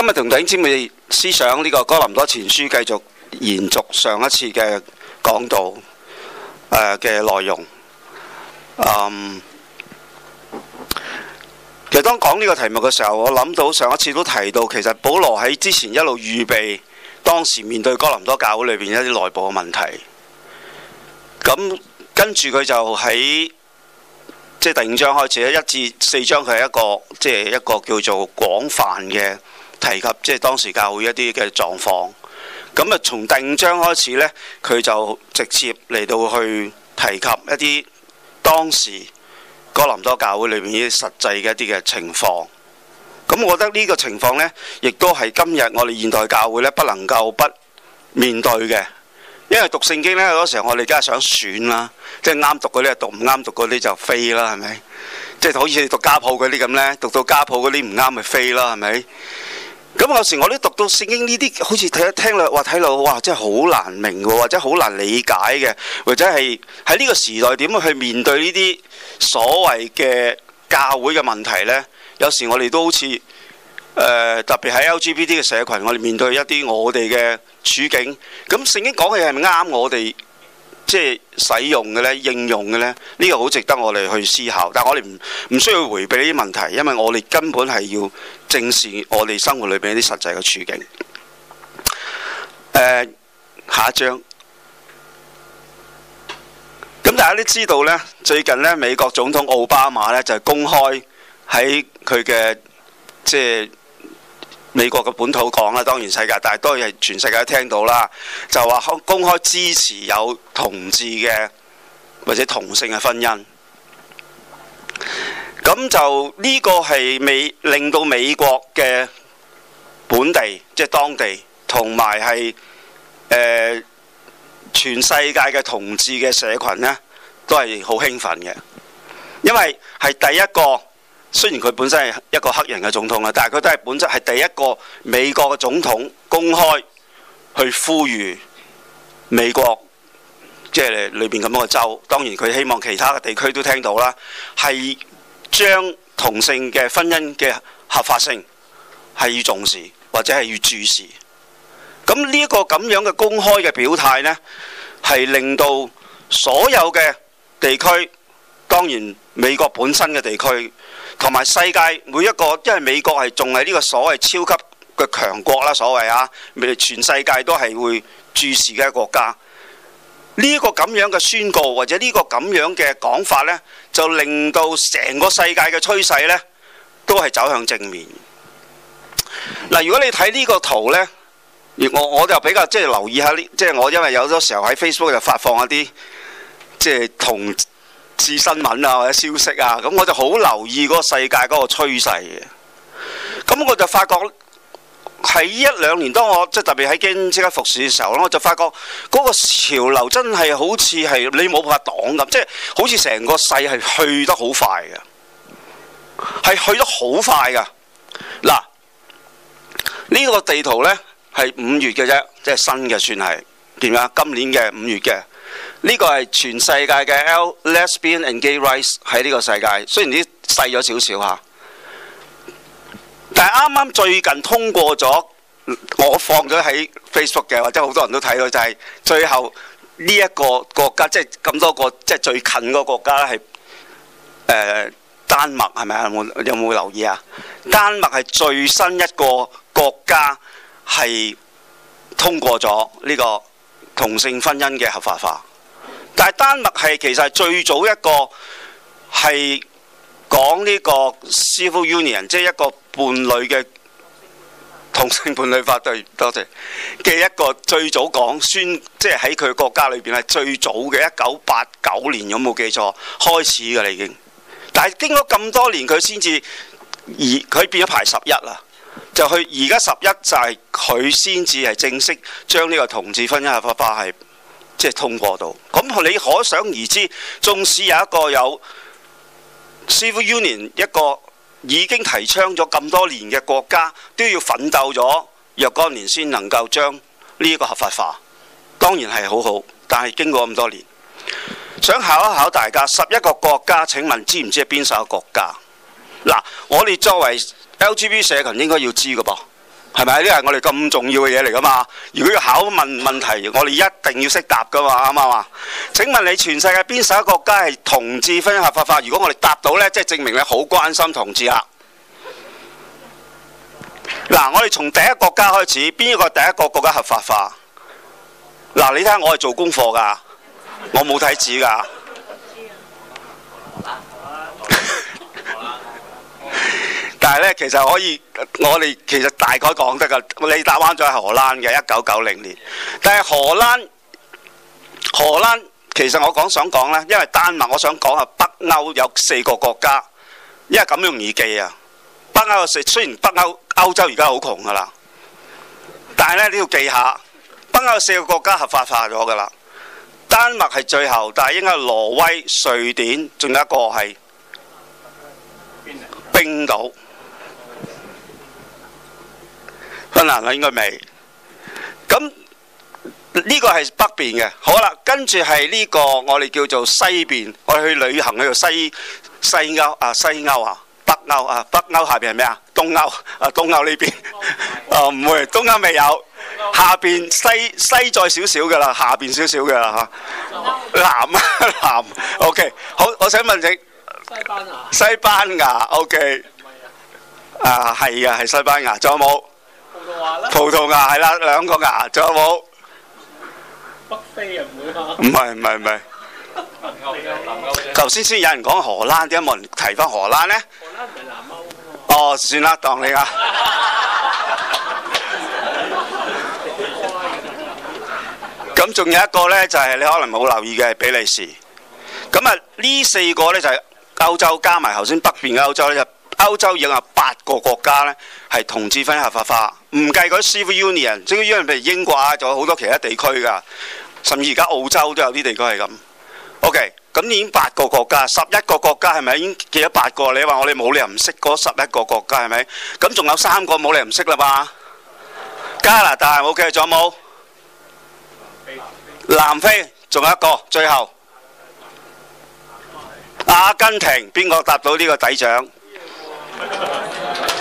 今日同弟兄姊妹思想呢個哥林多前書，繼續延續上一次嘅講道，嘅、呃、內容、嗯。其實當講呢個題目嘅時候，我諗到上一次都提到，其實保羅喺之前一路預備，當時面對哥林多教會裏邊一啲內部嘅問題。咁跟住佢就喺即係第五章開始一至四章佢係一個即係、就是、一個叫做廣泛嘅。提及即係當時教會一啲嘅狀況，咁啊，從第五章開始呢佢就直接嚟到去提及一啲當時哥林多教會裏面啲實際嘅一啲嘅情況。咁我覺得呢個情況呢，亦都係今日我哋現代教會呢不能夠不面對嘅，因為讀聖經呢，好多時候我哋梗係想選啦，即係啱讀嗰啲讀唔啱讀嗰啲就飛啦，係咪？即係好似你讀家譜嗰啲咁呢，讀到家譜嗰啲唔啱咪飛啦，係咪？咁有時我都讀到聖經呢啲，好似睇聽落，哇睇落，哇真係好難明嘅，或者好難理解嘅，或者係喺呢個時代點去面對呢啲所謂嘅教會嘅問題呢？有時我哋都好似、呃、特別喺 LGBT 嘅社群，我哋面對一啲我哋嘅處境，咁聖經講嘅嘢係咪啱我哋？即係使用嘅呢、應用嘅呢，呢、這個好值得我哋去思考。但係我哋唔唔需要回避呢啲問題，因為我哋根本係要正視我哋生活裏邊啲實際嘅處境、呃。下一章。咁大家都知道呢，最近呢，美國總統奧巴馬呢就係、是、公開喺佢嘅即係。美國嘅本土講啦，當然世界，大多係都係全世界都聽到啦，就話公開支持有同志嘅或者同性嘅婚姻，咁就呢個係美令到美國嘅本地即係、就係、當地同埋係誒全世界嘅同志嘅社群呢，都係好興奮嘅，因為係第一個。雖然佢本身係一個黑人嘅總統啊，但係佢都係本質係第一個美國嘅總統公開去呼籲美國即係裏邊咁樣嘅州。當然佢希望其他嘅地區都聽到啦，係將同性嘅婚姻嘅合法性係要重視或者係要注視。咁呢一個咁樣嘅公開嘅表態呢，係令到所有嘅地區，當然美國本身嘅地區。同埋世界每一個，因為美國係仲係呢個所謂超級嘅強國啦，所謂啊，未全世界都係會注視嘅國家。呢個咁樣嘅宣告或者呢個咁樣嘅講法咧，就令到成個世界嘅趨勢咧，都係走向正面。嗱，如果你睇呢個圖咧，我我就比較即係留意下呢，即係我因為有好多時候喺 Facebook 又發放一啲，即係同。知新聞啊或者消息啊，咁我就好留意嗰個世界嗰個趨勢嘅。咁我就發覺喺一兩年當我即係特別喺經即刻復市嘅時候咧，我就發覺嗰、那個潮流真係好似係你冇辦法擋咁，即、就、係、是、好似成個世係去得好快嘅，係去得好快噶。嗱，呢、這個地圖呢，係五月嘅啫，即係新嘅算係點樣？今年嘅五月嘅。呢、這個係全世界嘅 L Lesbian and Gay Rights，喺呢個世界，雖然啲細咗少少吓，但係啱啱最近通過咗，我放咗喺 Facebook 嘅，或者好多人都睇到，就係、是、最後呢一個國家，即係咁多個，即係最近個國家係誒丹麥，係咪啊？有冇有冇留意啊？丹麥係最新一個國家係通過咗呢個同性婚姻嘅合法化。但係丹麥係其實係最早一個係講呢個 civil union，即係一個伴侶嘅同性伴侶法對，多謝嘅一個最早講宣，即係喺佢國家裏邊係最早嘅，一九八九年，有冇記錯，開始㗎啦已經。但係經過咁多年，佢先至而，佢變咗排十一啦。就去而家十一就係佢先至係正式將呢個同志婚姻合法化係。即係通過到，咁你可想而知，縱使有一個有 Civil Union 一個已經提倡咗咁多年嘅國家，都要奮鬥咗若干年先能夠將呢個合法化，當然係好好，但係經過咁多年，想考一考大家，十一個國家，請問知唔知係邊首國家？嗱，我哋作為 LGB 社群應該要知嘅噃。係咪？呢啲係我哋咁重要嘅嘢嚟㗎嘛？如果要考問問題，我哋一定要識答噶嘛？啱嘛？請問你全世界邊十一個國家係同志婚姻合法化？如果我哋答到呢，即係證明你好關心同志啦。嗱，我哋從第一國家開始，邊一個第一個國家合法化？嗱，你睇下我係做功課㗎，我冇睇紙㗎。但係咧，其實可以，我哋其實大概講得噶。你打灣係荷蘭嘅一九九零年，但係荷蘭荷蘭其實我講想講呢，因為丹麥，我想講下北歐有四個國家，因為咁容易記啊。北歐有四雖然北歐歐洲而家好窮噶啦，但係呢，你要記下北歐四個國家合法化咗噶啦。丹麥係最後，但係應該係挪威、瑞典，仲有一個係冰島。芬蘭啦，應該未。咁呢個係北邊嘅，好啦，跟住係呢個我哋叫做西邊，我哋去旅行去西西歐啊，西歐啊，北歐啊，北歐下邊係咩啊？東歐啊，東歐呢邊？哦，唔會，東歐未有。下邊西西再少少嘅啦，下邊少少嘅啦嚇。南啊，南。OK，好，我想問你西班牙？西班牙。OK。啊，係啊，係西班牙。仲有冇？葡萄牙係啦，兩個牙，仲有冇？北非人唔會嘛？唔係唔係唔係。頭先先有人講荷蘭，點解冇人提翻荷蘭咧？荷蘭唔係南歐。哦，算啦，當你啦。咁仲有一個咧，就係你可能冇留意嘅係比利時。咁啊，呢四個咧就係歐洲加埋頭先北邊嘅歐洲咧，就歐洲有八個國家咧係同志分合法化。唔計嗰啲 civil union，即係 union，譬如英國啊，仲有好多其他地區噶，甚至而家澳洲都有啲地區係咁。OK，咁已經八個國家，十一個國家係咪已經記咗八個？你話我哋冇理由唔識嗰十一個國家係咪？咁仲有三個冇理由唔識啦嘛？加拿大 OK，仲有冇？南非，仲有一個，最後。阿根廷，邊個答到呢個底獎？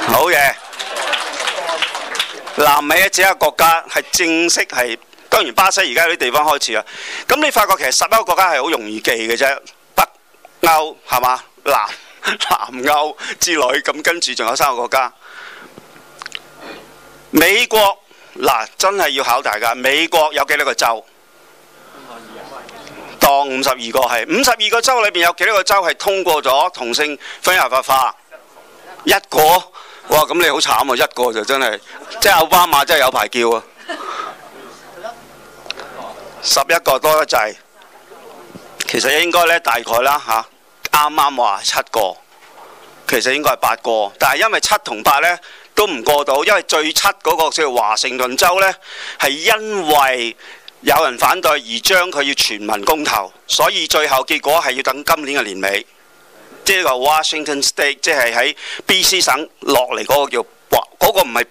好嘢！南美只一個國家係正式係，當然巴西而家有啲地方開始啦。咁你發覺其實十一個國家係好容易記嘅啫，北歐係咪，南南歐之類，咁跟住仲有三個國家，美國。嗱，真係要考大家，美國有幾多個州？當五十二個係，五十二個州裏邊有幾多個州係通過咗同性婚姻合法化？一個。哇！咁你好慘喎，啊，一個就真係，即係奧巴馬真係有排叫啊， 十一個多得滯。其實應該咧，大概啦嚇，啱啱話七個，其實應該係八個。但係因為七同八咧都唔過到，因為最七嗰、嗰個即係華盛頓州咧，係因為有人反對而將佢要全民公投，所以最後結果係要等今年嘅年尾。即係個 Washington State，即係喺 BC 省落嚟嗰個叫華嗰、嗰個唔係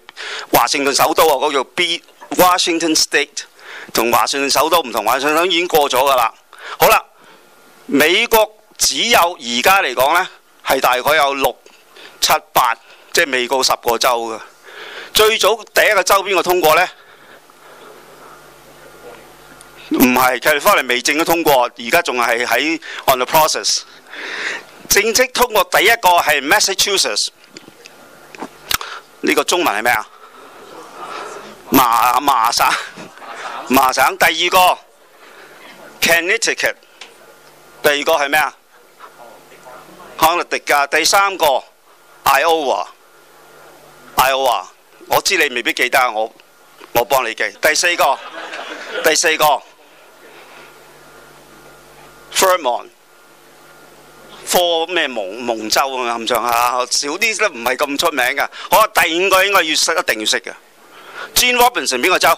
華盛頓首都啊！嗰、嗰個叫 B Washington State 同華盛頓首都唔同，華盛頓首都已經過咗㗎啦。好啦，美國只有而家嚟講呢，係大概有六七八，即係未過十個州㗎。最早第一個州邊個通過呢？唔係，佢哋翻嚟未正式通過，而家仲係喺 on the process。正式通過第一個係 Massachusetts，呢個中文係咩啊？麻麻省，麻省。第二個 Connecticut，第二個係咩啊？康納迪加。第三個 Iowa，Iowa，我知你未必記得，我我幫你記。第四個，第四個 Vermont 科咩蒙蒙州啊，咁上下，少啲都唔係咁出名㗎。好啊，第五個應該要識的，一定要識嘅。Gene Robinson 邊個州？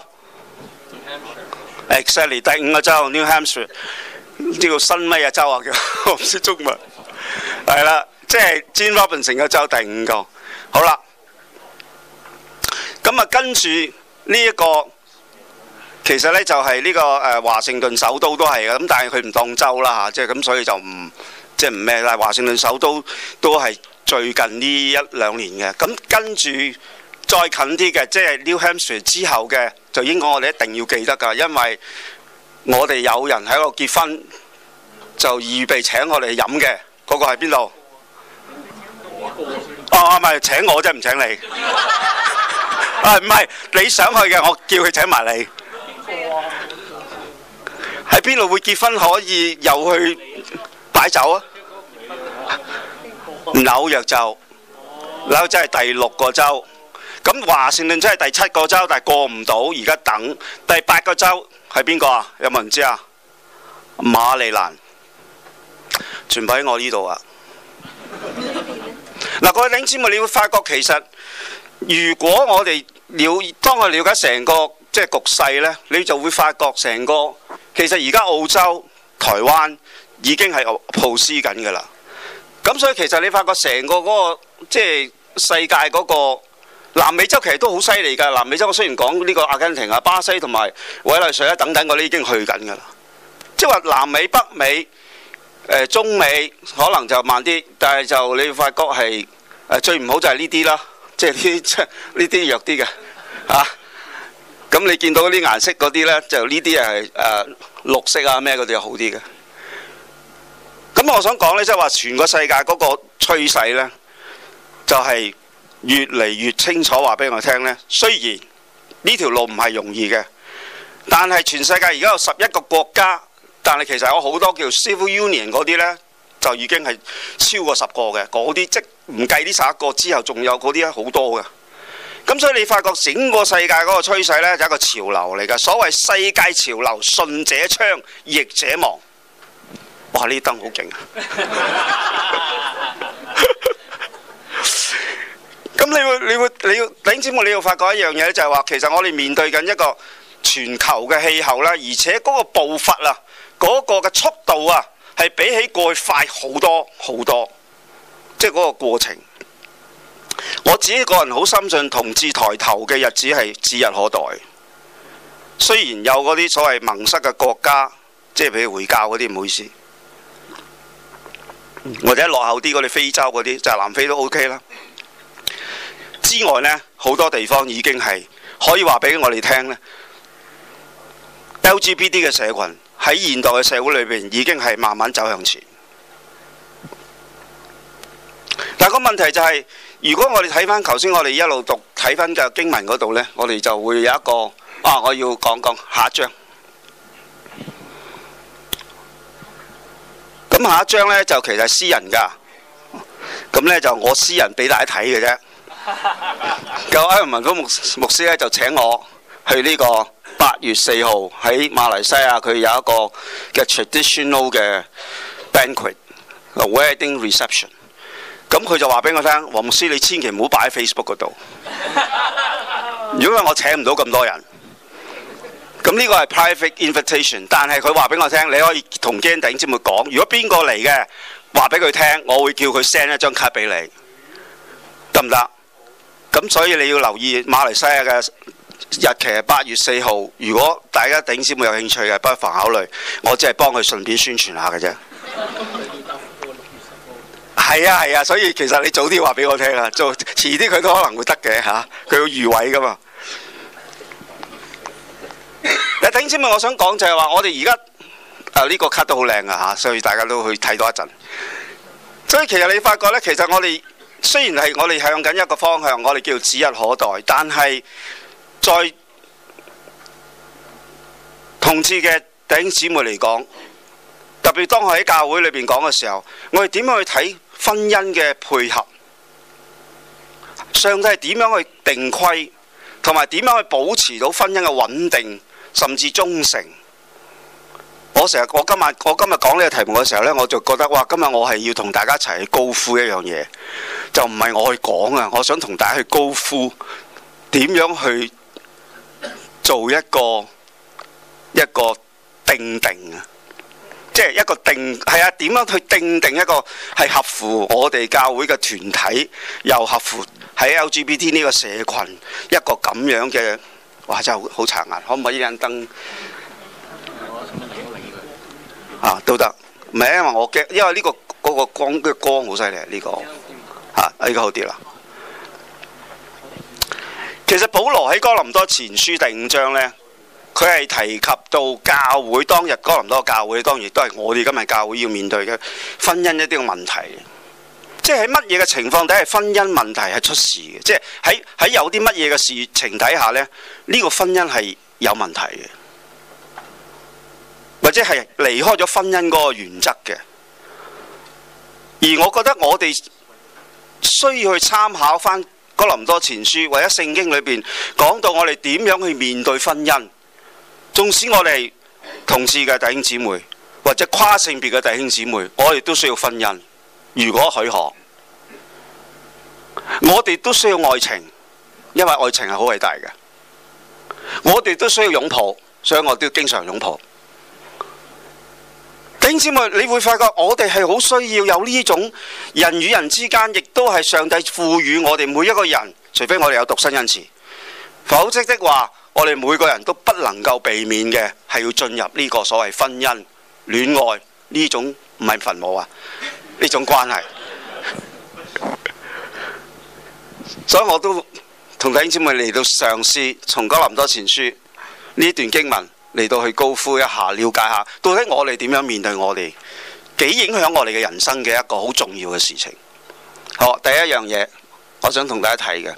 Exactly 第五個州 New Hampshire。呢個新咩嘅州啊？我唔識中文。係啦，即係 Gene Robinson 嘅州第五個。好啦，咁啊跟住呢一個，其實咧就係呢、呢個誒、啊、華盛頓首都都係嘅，咁但係佢唔當州啦，即係咁所以就唔。即係唔咩啦，華盛頓首都都係最近呢一兩年嘅。咁跟住再近啲嘅，即係 New Hampshire 之後嘅，就應該我哋一定要記得㗎，因為我哋有人喺度結婚，就預備請我哋飲嘅。嗰個喺邊度？哦，唔係請我啫，唔請你。啊，唔係你想去嘅，我叫佢請埋你。喺邊度會結婚可以又去擺酒啊？紐約州，紐約州係第六個州，咁華盛頓即係第七個州，但係過唔到，而家等第八個州係邊個啊？有冇人知啊？馬里蘭，全部喺我呢度啊！嗱， 各位領先物，你會發覺其實，如果我哋了當我了解成個即係、就是、局勢呢，你就會發覺成個其實而家澳洲、台灣已經係鋪施緊㗎啦。咁所以其實你發覺成個嗰、那個即係世界嗰、那個南美洲其實都好犀利㗎。南美洲我雖然講呢個阿根廷啊、巴西同埋委內瑞拉等等，嗰啲已經去緊㗎啦。即係話南美、北美、誒、呃、中美可能就慢啲，但係就你發覺係誒、呃、最唔好就係呢啲啦。即係呢即係呢啲弱啲嘅嚇。咁、啊、你見到啲顏色嗰啲咧，就呢啲係誒綠色啊咩嗰啲好啲嘅。咁我想講呢，即係話全個世界嗰個趨勢咧，就係、是、越嚟越清楚話俾我聽呢，雖然呢條路唔係容易嘅，但係全世界而家有十一個國家，但係其實有好多叫 civil union 嗰啲呢，就已經係超過十個嘅。嗰啲即唔計呢十一個之後還有那些很多的，仲有嗰啲好多嘅。咁所以你發覺整個世界嗰個趨勢咧，就係、一個潮流嚟嘅。所謂世界潮流，順者昌，逆者亡。哇！呢啲燈好勁啊！咁 你會你會你要頂尖喎，你要你會發覺一樣嘢就係、是、話其實我哋面對緊一個全球嘅氣候啦，而且嗰個步伐啊，嗰、那個嘅速度啊，係比起過去快好多好多，即係嗰個過程。我自己個人好深信，同志抬頭嘅日子係指日可待。雖然有嗰啲所謂盟塞嘅國家，即係譬如回教嗰啲，唔好意思。或者落後啲嗰啲非洲嗰啲，就係南非都 OK 啦。之外呢，好多地方已經係可以話俾我哋聽呢，LGBT 嘅社群喺現代嘅社會裏邊已經係慢慢走向前。但個問題就係、是，如果我哋睇翻頭先，我哋一路讀睇翻嘅經文嗰度呢，我哋就會有一個啊，我要講講下一章。咁下一張呢，就其實係私人㗎，咁呢，就我私人俾大家睇嘅啫。個 埃文文牧師師就請我去呢個八月四號喺馬來西亞佢有一個嘅 traditional 嘅 banquet a wedding reception。咁佢就話俾我聽：黃牧師，你千祈唔好擺喺 Facebook 嗰度， 如果我請唔到咁多人。咁、這、呢個係 private invitation，但係佢話俾我聽，你可以同 g e 姐妹講講，如果邊個嚟嘅話俾佢聽，我會叫佢 send 一張卡俾你，得唔得？咁所以你要留意馬來西亞嘅日期係八月四號，如果大家頂先會有興趣嘅，不妨考慮，我只係幫佢順便宣傳下嘅啫。係 啊係啊，所以其實你早啲話俾我聽啊，就遲啲佢都可能會得嘅，佢要預位噶嘛。誒，頂姊妹，我想講就係話，我哋而家誒呢個卡都好靚嘅嚇，所以大家都去睇多一陣。所以其實你發覺呢，其實我哋雖然係我哋向緊一個方向，我哋叫指日可待，但係再同志嘅頂姊妹嚟講，特別當佢喺教會裏邊講嘅時候，我哋點樣去睇婚姻嘅配合？上帝係點樣去定規，同埋點樣去保持到婚姻嘅穩定？甚至忠誠，我成日我今晚我今日講呢個題目嘅時候呢，我就覺得哇！今日我係要同大家一齊去高呼一樣嘢，就唔係我去講啊！我想同大家去高呼點樣去做一個一個定定啊，即係一個定係啊點樣去定定一個係合乎我哋教會嘅團體，又合乎喺 LGBT 呢個社群，一個咁樣嘅。哇！真係好好殘啊！可唔可以呢間燈？啊，都得，唔係因為我驚，因為呢個嗰個光嘅光好犀利啊，呢個嚇，依家好啲啦。其實保羅喺哥林多前書第五章呢，佢係提及到教會當日哥林多教會，當然都係我哋今日教會要面對嘅婚姻一啲嘅問題。即係喺乜嘢嘅情況底下，婚姻問題係出事嘅。即係喺喺有啲乜嘢嘅事情底下咧，呢個婚姻係有問題嘅，或者係離開咗婚姻嗰個原則嘅。而我覺得我哋需要去參考翻《哥林多前書》或者聖經裏邊講到我哋點樣去面對婚姻。縱使我哋同事嘅弟兄姊妹或者跨性別嘅弟兄姊妹，我哋都需要婚姻。如果許可，我哋都需要愛情，因為愛情係好偉大嘅。我哋都需要擁抱，所以我哋都要經常擁抱。丁子，你會發覺我哋係好需要有呢種人與人之間，亦都係上帝賦予我哋每一個人。除非我哋有獨身恩賜，否則的話，我哋每個人都不能夠避免嘅係要進入呢個所謂婚姻戀愛呢種唔係墳墓啊。呢種關係， 所以我都同弟兄姐妹嚟到嘗試從《哥林多前書》呢段經文嚟到去高呼一下，了解一下到底我哋點樣面對我哋幾影響我哋嘅人生嘅一個好重要嘅事情。好，第一樣嘢，我想同大家睇嘅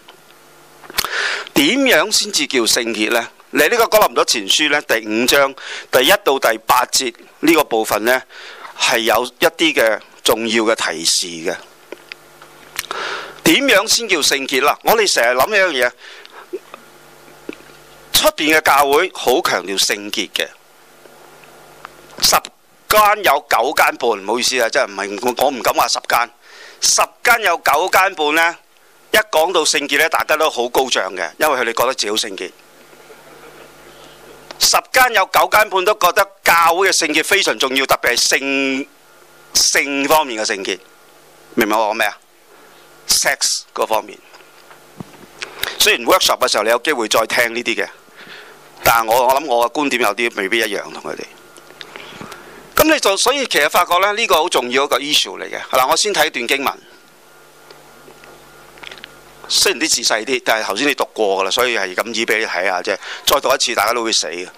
點樣先至叫聖潔呢？嚟呢、這個《哥林多前書》呢，第五章第一到第八節呢、這個部分呢，係有一啲嘅。重要嘅提示嘅，點樣先叫聖潔啦？我哋成日諗一樣嘢，出邊嘅教會好強調聖潔嘅，十間有九間半，唔好意思啊，真係唔係我講唔敢話十間，十間有九間半呢，一講到聖潔呢，大家都好高漲嘅，因為佢哋覺得自己好聖潔，十間有九間半都覺得教會嘅聖潔非常重要，特別係聖。性方面嘅性結，明唔明我講咩啊？Sex 嗰方面，雖然 workshop 嘅時候你有機會再聽呢啲嘅，但係我我諗我嘅觀點有啲未必一樣同佢哋。咁你就所以其實發覺咧，呢個好重要一個 issue 嚟嘅。嗱，我先睇段經文，雖然啲字細啲，但係頭先你讀過噶啦，所以係咁易俾你睇下啫。即係，再讀一次，大家都會死嘅，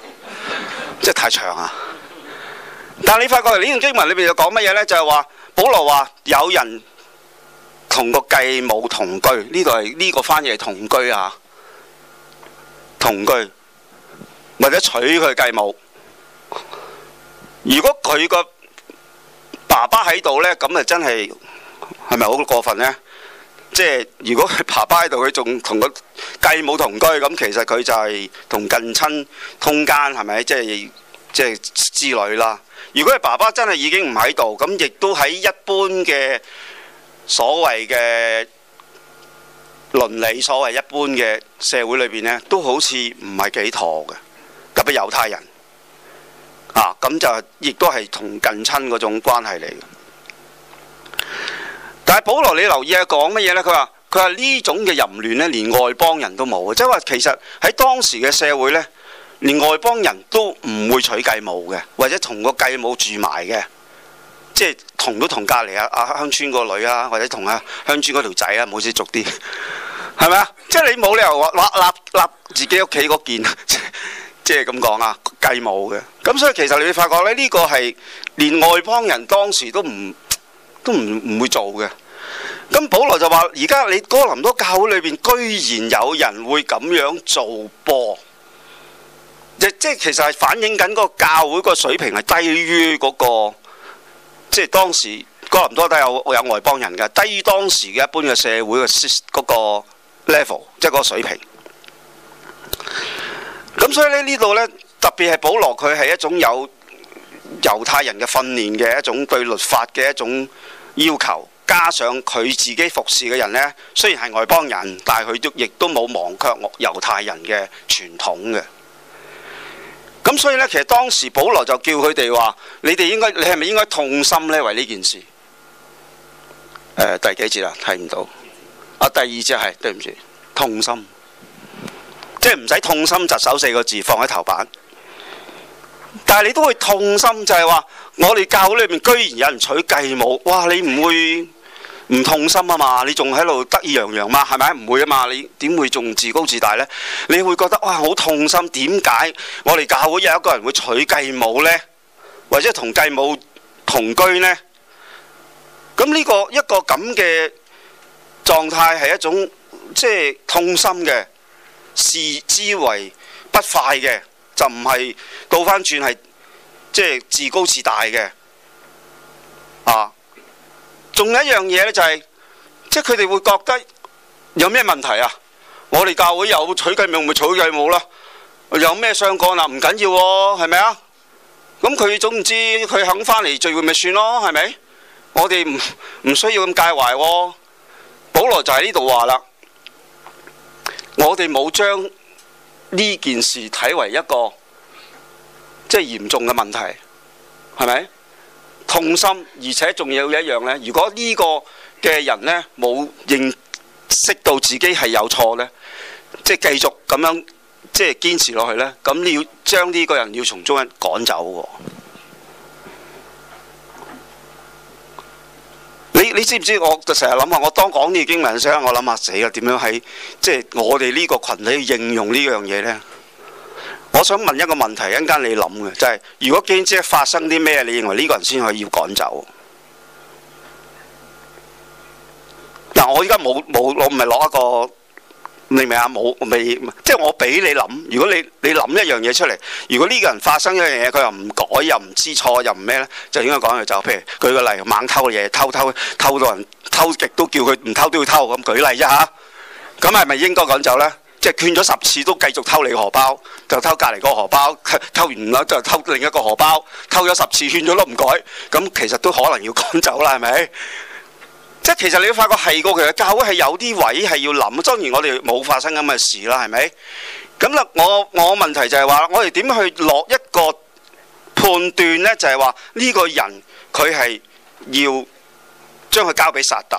即係太長啊！但係你發覺嚟，呢段經文裏邊又講乜嘢咧？就係話，保羅話有人同個繼母同居，呢度係呢個翻譯係同居啊，同居或者娶佢繼母。如果佢個爸爸喺度咧，咁啊真係係咪好過分咧？即係如果佢爸爸喺度，佢仲同個繼母同居，咁其實佢就係同近親通姦係咪？即係。即係之類啦。如果係爸爸真係已經唔喺度，咁亦都喺一般嘅所謂嘅倫理，所謂一般嘅社會裏邊呢，都好似唔係幾妥嘅。特別猶太人啊，咁就亦都係同近親嗰種關係嚟嘅。但係保羅，你留意下講乜嘢呢？佢話佢話呢種嘅淫亂呢，連外邦人都冇，即係話其實喺當時嘅社會呢。連外邦人都唔會娶繼母嘅，或者同個繼母住埋嘅，即係同都同隔離阿阿鄉村個女啊，或者同啊鄉村嗰條仔啊，唔好意思，俗啲，係咪啊？即係你冇理由話立立自己屋企嗰件，即係咁講啊，繼母嘅。咁所以其實你會發覺咧，呢、呢個係連外邦人當時都唔都唔唔會做嘅。咁保羅就話：而家你哥林多教會裏邊居然有人會咁樣做噃。即即其實係反映緊嗰個教會個水平係低於嗰個。即係當時哥林多都有有外邦人㗎，低於當時嘅一般嘅社會嘅嗰個 level，即係嗰個水平。咁所以咧呢度呢，特別係保羅佢係一種有猶太人嘅訓練嘅一種對律法嘅一種要求，加上佢自己服侍嘅人呢，雖然係外邦人，但係佢都亦都冇忘卻猶太人嘅傳統嘅。咁所以呢，其實當時保羅就叫佢哋話：你哋應該，你係咪應該痛心呢？為呢件事，呃、第幾節啦？睇唔到。啊，第二節係對唔住，痛心，即係唔使痛心疾首四個字放喺頭版。但係你都會痛心就，就係話我哋教會裏面居然有人娶繼母，哇！你唔會。唔痛心啊嘛，你仲喺度得意洋洋嘛，係咪？唔會啊嘛，你點會仲自高自大呢？你會覺得哇，好痛心，點解我哋教會有一個人會娶繼母呢？或者同繼母同居呢？咁呢、這個一個咁嘅狀態係一種即係、就是、痛心嘅，視之為不快嘅，就唔係倒翻轉係即係自高自大嘅啊。仲有一樣嘢咧，就係即係佢哋會覺得有咩問題啊？我哋教會有娶繼母咪娶繼母咯，有咩相干啦？唔緊要喎，係咪啊？咁佢、啊、總唔知佢肯翻嚟聚會咪算咯，係咪？我哋唔唔需要咁介懷喎、啊。保羅就喺呢度話啦，我哋冇將呢件事睇為一個即係、就是、嚴重嘅問題，係咪？痛心，而且仲有一樣咧。如果呢個嘅人咧冇認識到自己係有錯咧，即係繼續咁樣即係堅持落去咧，咁你要將呢個人要從中間趕走喎。你你知唔知？我就成日諗下，我當講呢啲經文時，我諗下死啦，點樣喺即係我哋呢個群體應用呢樣嘢咧？我想問一個問題，一陣間你諗嘅就係、是，如果兼職發生啲咩，你認為呢個人先可以要趕走？嗱，我而家冇冇，我唔係攞一個，明唔明啊？冇未，即係我俾你諗。如果你你諗一樣嘢出嚟，如果呢個人發生一樣嘢，佢又唔改，又唔知錯，又唔咩咧，就應該趕佢走。譬如舉個例子猛偷嘅嘢，偷偷偷到人偷極都叫佢唔偷都要偷，咁舉例啫吓。咁係咪應該趕走咧？即係勸咗十次都繼續偷你荷包，就偷隔離個荷包，偷，偷完啦就偷另一個荷包，偷咗十次勸咗都唔改，咁其實都可能要趕走啦，係咪？即係其實你會發覺係個其實教會係有啲位係要諗，當然我哋冇發生咁嘅事啦，係咪？咁啦，我我問題就係話，我哋點去落一個判斷呢？就係話呢個人佢係要將佢交俾撒旦，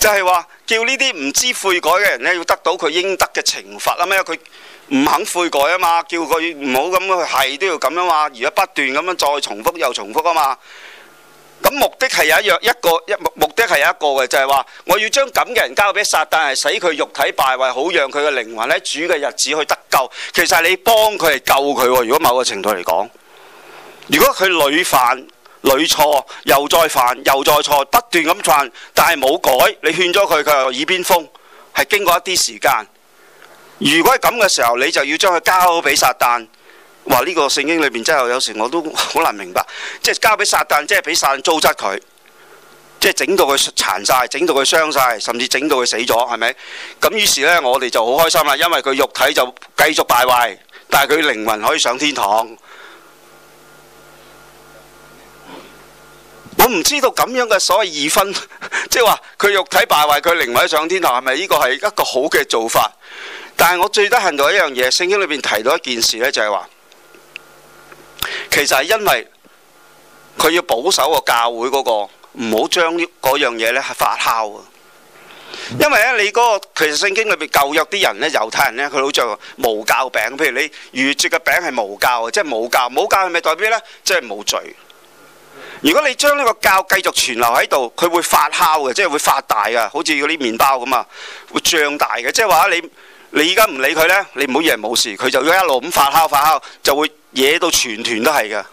就係話。叫呢啲唔知悔改嘅人呢，要得到佢應得嘅懲罰啊？咩佢唔肯悔改啊嘛？叫佢唔好咁，佢係都要咁啊嘛？而家不斷咁樣再重複又重複啊嘛？咁目的係有一樣，一個目目的係有一個嘅，就係話我要將咁嘅人交俾撒旦，係使佢肉體敗壞，好讓佢嘅靈魂呢，喺主嘅日子去得救。其實你幫佢係救佢喎。如果某個程度嚟講，如果佢累犯。女錯又再犯又再錯，不斷咁犯，但係冇改。你勸咗佢，佢又耳邊風。係經過一啲時間，如果係咁嘅時候，你就要將佢交俾撒旦。話呢個聖經裏面，真係有時我都好難明白，即係交俾撒旦，即係俾撒旦糟質佢，即係整到佢殘晒，整到佢傷晒，甚至整到佢死咗，係咪？咁於是呢，我哋就好開心啦，因為佢肉體就繼續敗壞，但係佢靈魂可以上天堂。我唔知道咁樣嘅所謂二分，即係話佢肉體敗壞，佢靈位上天堂係咪呢個係一個好嘅做法？但係我最得閒就係一樣嘢，聖經裏邊提到一件事咧，就係話，其實係因為佢要保守個教會嗰個，唔好將呢嗰樣嘢咧發酵啊。因為咧，你嗰個其實聖經裏邊舊約啲人咧，猶太人咧，佢老做無酵餅，譬如你逾節嘅餅係無酵，即係無酵，無酵係咪代表咧，即係冇罪？如果你將呢個酵繼續存留喺度，佢會發酵嘅，即係會發大㗎，好似嗰啲麵包咁啊，會脹大嘅。即係話你你而家唔理佢呢，你唔好以為冇事，佢就一路咁發酵發酵，就會惹到全團都係嘅。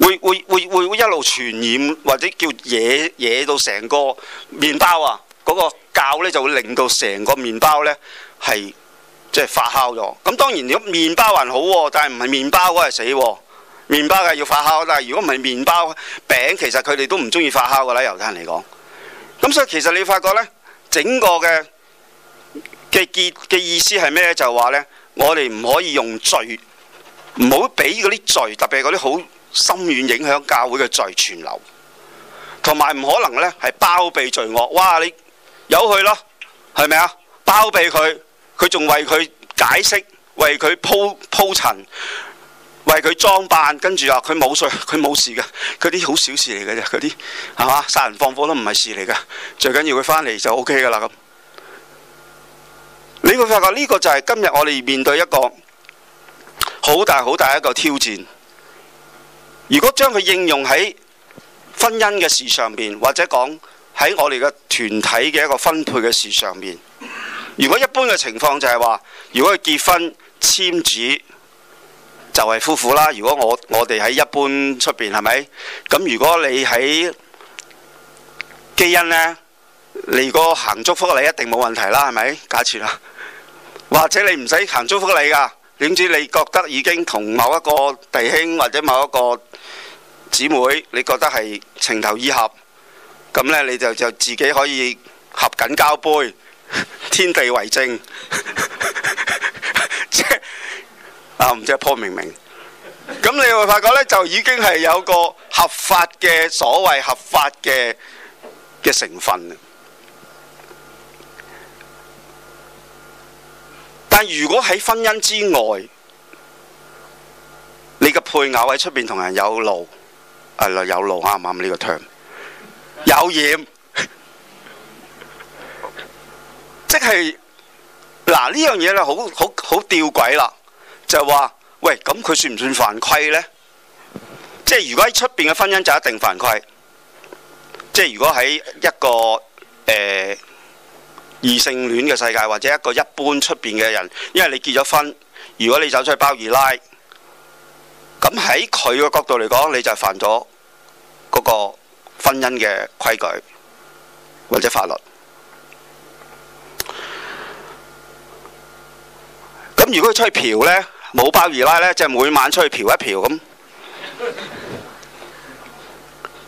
會會會會會一路傳染或者叫惹惹到成個麵包啊，嗰個酵呢就會令到成個麵包呢係即係發酵咗。咁當然如果麵包還好喎，但係唔係麵包嗰個死喎。麵包嘅要發酵，但係如果唔係麵包餅，其實佢哋都唔中意發酵㗎啦。猶太人嚟講，咁所以其實你發覺呢整個嘅嘅結嘅意思係咩咧？就係話呢，我哋唔可以用罪，唔好俾嗰啲罪，特別係嗰啲好深遠影響教會嘅罪存留，同埋唔可能呢係包庇罪惡。哇！你由佢咯，係咪啊？包庇佢，佢仲為佢解釋，為佢鋪鋪陳。為佢裝扮，跟住話佢冇衰，佢冇事嘅，嗰啲好小事嚟嘅啫，嗰啲係咪？殺人放火都唔係事嚟嘅，最緊要佢返嚟就 OK 嘅啦咁。你會發覺呢個就係今日我哋面對一個好大好大一個挑戰。如果將佢應用喺婚姻嘅事上邊，或者講喺我哋嘅團體嘅一個分配嘅事上面，如果一般嘅情況就係話，如果佢結婚簽紙。簽紙就係、是、夫婦啦。如果我我哋喺一般出邊，係咪？咁如果你喺基因呢，你個行祝福禮一定冇問題啦，係咪？假設啦，或者你唔使行祝福禮噶，點知你覺得已經同某一個弟兄或者某一個姊妹，你覺得係情投意合，咁呢？你就就自己可以合緊交杯，天地為證。 啊！唔知阿坡明明？咁你會發覺咧，就已經係有個合法嘅所謂合法嘅嘅成分啊。但如果喺婚姻之外，你個配偶喺出邊同人有路，係、哎、啦有路啱唔啱呢個 term？有染，即係嗱呢樣嘢咧，好好好吊詭啦。就係話喂，咁佢算唔算犯規呢？即係如果喺出面嘅婚姻就一定犯規，即係如果喺一個誒、呃、異性戀嘅世界，或者一個一般出面嘅人，因為你結咗婚，如果你走出去包二奶，咁喺佢嘅角度嚟講，你就係犯咗嗰個婚姻嘅規矩或者法律。咁如果佢出去嫖呢？冇包二奶呢，即係每晚出去嫖一嫖咁。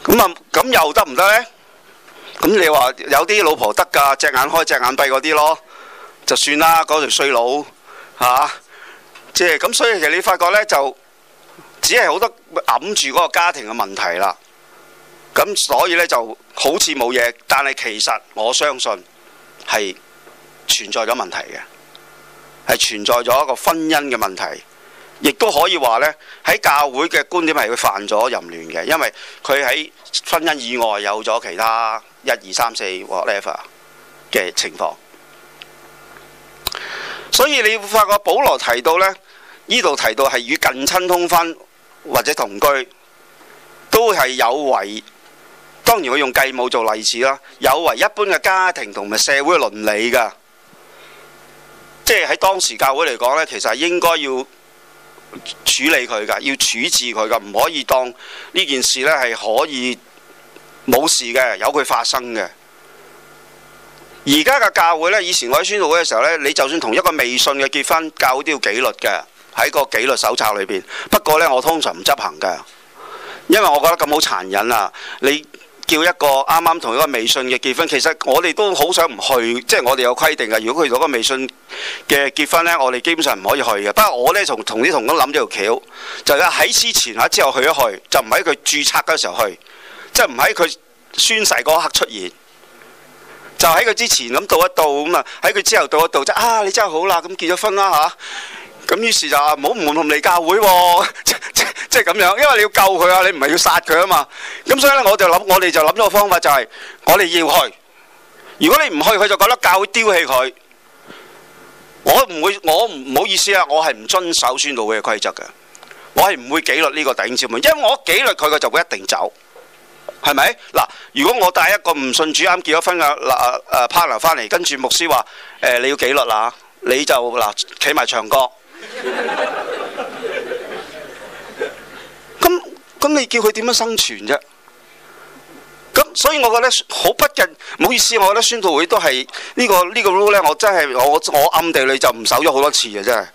咁啊，咁又得唔得呢？咁你話有啲老婆得噶，隻眼開隻眼閉嗰啲咯，就算啦，嗰條衰佬嚇。即係咁，就是、所以其實你發覺呢，就只係好多揞住嗰個家庭嘅問題啦。咁所以呢，就好似冇嘢，但係其實我相信係存在咗問題嘅。係存在咗一個婚姻嘅問題，亦都可以話呢，喺教會嘅觀點係佢犯咗淫亂嘅，因為佢喺婚姻以外有咗其他一二三四 whatever 嘅情況。所以你會發覺，保羅提到呢，呢度提到係與近親通婚或者同居都係有違。當然，佢用繼母做例子啦，有違一般嘅家庭同埋社會嘅倫理㗎。即係喺當時教會嚟講呢，其實應該要處理佢㗎，要處置佢㗎，唔可以當呢件事咧係可以冇事嘅，由佢發生嘅。而家嘅教會呢，以前我喺宣道會嘅時候呢，你就算同一個未信嘅結婚，教會都要紀律嘅，喺個紀律手冊裏邊。不過呢，我通常唔執行㗎，因為我覺得咁好殘忍啊！你。叫一個啱啱同一個未信嘅結婚，其實我哋都好想唔去，即係我哋有規定嘅。如果佢攞個未信嘅結婚呢，我哋基本上唔可以去嘅。不過我呢，同同啲同工諗咗條橋，就喺之前或之後去一去，就唔喺佢註冊嗰時候去，即係唔喺佢宣誓嗰刻出現，就喺佢之前咁到一到咁啊，喺佢之後到一到就啊，你真係好啦，咁結咗婚啦嚇。咁於是就話唔好唔同你教會喎，即即即係咁樣，因為你要救佢啊，你唔係要殺佢啊嘛。咁所以咧，我就諗，我哋就諗咗個方法，就係我哋要去。如果你唔去，佢就覺得教會丟棄佢。我唔會，我唔好意思啊，我係唔遵守宣道會嘅規則嘅，我係唔會紀律呢個頂尖門，因為我紀律佢佢就會一定走，係咪？嗱，如果我帶一個唔信主啱結咗婚啊嗱啊啊，partner 翻嚟，跟住牧師話：誒，你要紀律啦，你就嗱企埋牆角。咁 咁，你叫佢點樣生存啫？咁所以我覺得好不盡，唔好意思，我覺得宣道會都係呢個呢個 rule 咧，我真係我我暗地裏就唔守咗好多次嘅，真係。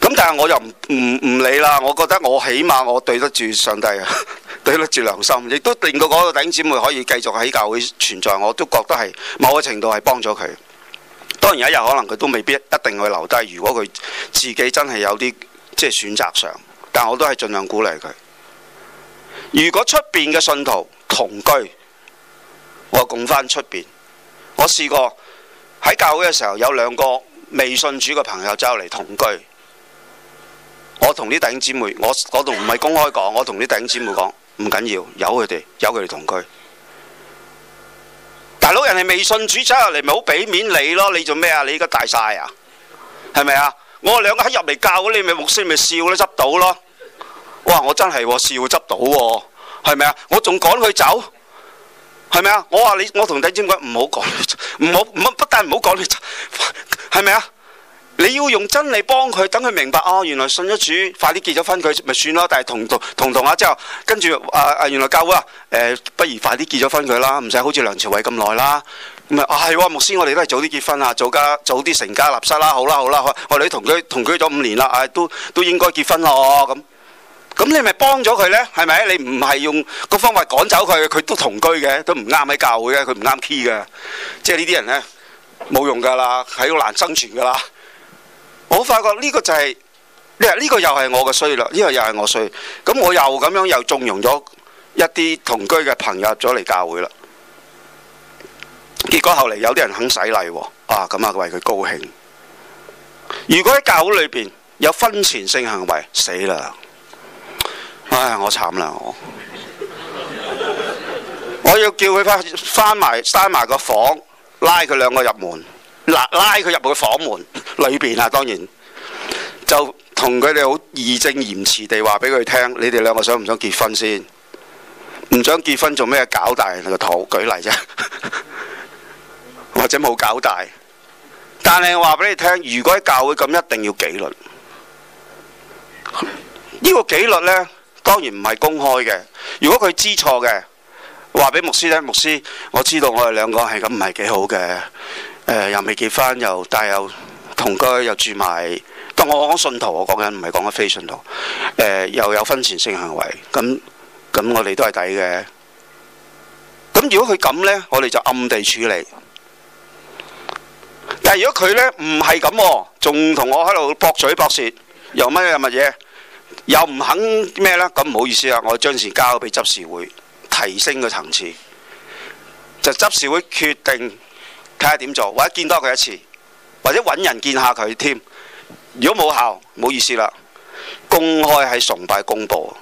咁但係我又唔唔理啦，我覺得我起碼我對得住上帝， 對得住良心，亦都令到嗰個頂姊妹可以繼續喺教會存在，我都覺得係某個程度係幫咗佢。當然有一日可能佢都未必一定會留低，如果佢自己真係有啲即係選擇上，但我都係盡量鼓勵佢。如果出面嘅信徒同居，我共翻出面。我試過喺教會嘅時候有兩個未信主嘅朋友走嚟同居，我同啲弟兄姊妹，我我度唔係公開講，我同啲弟兄姊妹講唔緊要，有佢哋，有佢哋同居。大佬，人哋未信主走入嚟咪好俾面你咯，你做咩啊？你而家大晒啊？係咪啊？我兩個喺入嚟教你咪牧師咪笑咯，執到咯。哇！我真係笑執到，係咪啊？我仲趕佢走，係咪啊？我話你，我同第二尖鬼唔好講，唔好唔不但唔好趕佢走，係咪啊？你要用真理幫佢，等佢明白哦，原來信咗主，快啲結咗婚佢咪算咯。但係同同，同同同同下之後，跟住啊啊，原來教會誒、呃，不如快啲結咗婚佢啦，唔使好似梁朝偉咁耐啦。咁啊係喎，牧師、啊、我哋都係早啲結婚啊，早家早啲成家立室啦。好啦、啊、好啦、啊啊，我哋同居同居咗五年啦，啊都都應該結婚咯咁。咁、哦、你咪幫咗佢咧？係咪？你唔係用個方法趕走佢，佢都同居嘅，都唔啱喺教會嘅，佢唔啱 key 嘅。即係呢啲人咧冇用㗎啦，係好難生存㗎啦。我發覺呢個就係呢個又係我嘅衰啦，呢個又係我衰。咁我又咁樣又縱容咗一啲同居嘅朋友入咗嚟教會啦。結果後嚟有啲人肯洗禮喎，啊咁啊為佢高興。如果喺教會裏邊有婚前性行為，死啦！唉，我慘啦！我我要叫佢翻翻埋閂埋個房，拉佢兩個入門。嗱，拉佢入去房門裏邊啊。當然就同佢哋好義正言辭地話俾佢聽：你哋兩個想唔想結婚先？唔想結婚做咩搞大你個肚？舉例啫，或者冇搞大。但係話俾你聽，如果喺教會咁，一定要紀律。呢個紀律呢，當然唔係公開嘅。如果佢知錯嘅，話俾牧師聽，牧師，我知道我哋兩個係咁，唔係幾好嘅。誒又未結婚，又但又同居又住埋。不過我講信徒，我講緊唔係講緊非信徒。誒又有婚前性行為，咁咁我哋都係抵嘅。咁如果佢咁咧，我哋就暗地處理。但係如果佢咧唔係咁，仲同我喺度駁嘴駁舌，又乜嘢又乜嘢，又唔肯咩咧？咁唔好意思啊，我將事交俾執事會提升個層次，就執事會決定，睇下點做，或者見多佢一次，或者揾人見下佢添。如果冇效，冇意思啦。公開係崇拜公佈，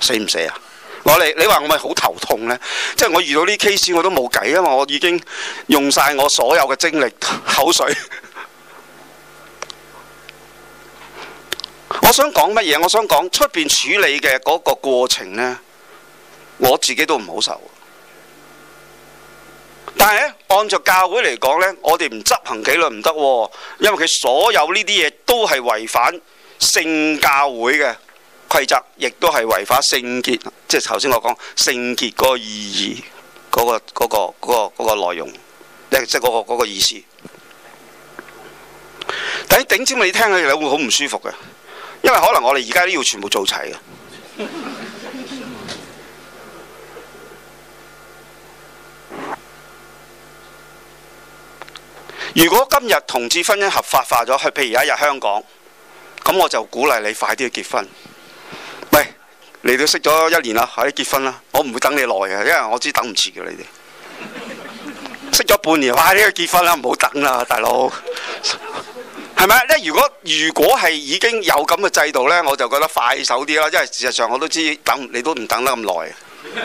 死唔死啊？我你話我咪好頭痛呢？即係我遇到呢 case 我都冇計，因為我已經用晒我所有嘅精力口水。 我想講乜嘢？我想講出邊處理嘅嗰個過程呢，我自己都唔好受。但係咧，按照教會嚟講呢，我哋唔執行紀律唔得喎，因為佢所有呢啲嘢都係違反聖教會嘅規則，亦都係違反聖潔，即係頭先我講聖潔個意義、嗰個、嗰個、嗰個、嗰個內容，即係嗰個、嗰個意思。但係頂尖，你聽起嚟會好唔舒服嘅，因為可能我哋而家都要全部做齊嘅。 如果今日同志婚姻合法化咗，去譬如一日香港，咁我就鼓勵你快啲去結婚。喂，你都識咗一年啦，快啲結婚啦！我唔會等你耐嘅，因為我知等唔切嘅你哋。 識咗半年，快啲去結婚啦，唔好等啦，大佬。係咪？咧？如果如果係已經有咁嘅制度呢，我就覺得快手啲啦，因為事實上我都知等你都唔等得咁耐。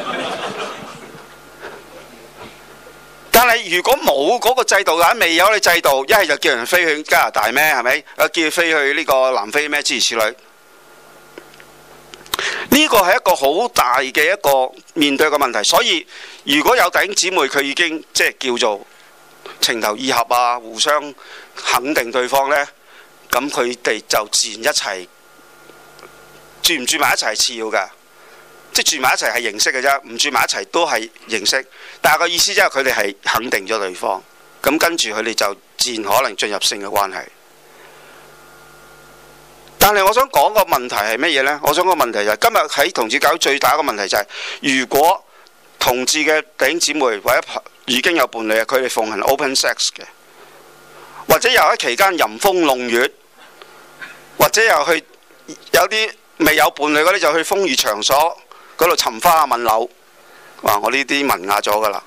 但係如果冇嗰個制度嘅，但未有你制度，一係就叫人飛去加拿大咩？係咪？啊，叫人飛去呢個南非咩？諸如此類。呢個係一個好大嘅一個面對嘅問題。所以如果有弟兄姊妹，佢已經即係叫做情投意合啊，互相肯定對方呢，咁佢哋就自然一齊住唔住埋一齊次要㗎。即住埋一齊係認識嘅啫，唔住埋一齊都係認識。但係個意思即係佢哋係肯定咗對方咁，跟住佢哋就自然可能進入性嘅關係。但係我想講個問題係乜嘢呢？我想個問題就係今日喺同志搞最大一個問題就係、是就是，如果同志嘅弟兄姊妹或者已經有伴侶，佢哋奉行 open sex 嘅，或者又喺期間淫風弄月，或者又去有啲未有伴侶嗰啲就去風月場所。嗰度尋花問柳，話我呢啲文雅咗噶啦。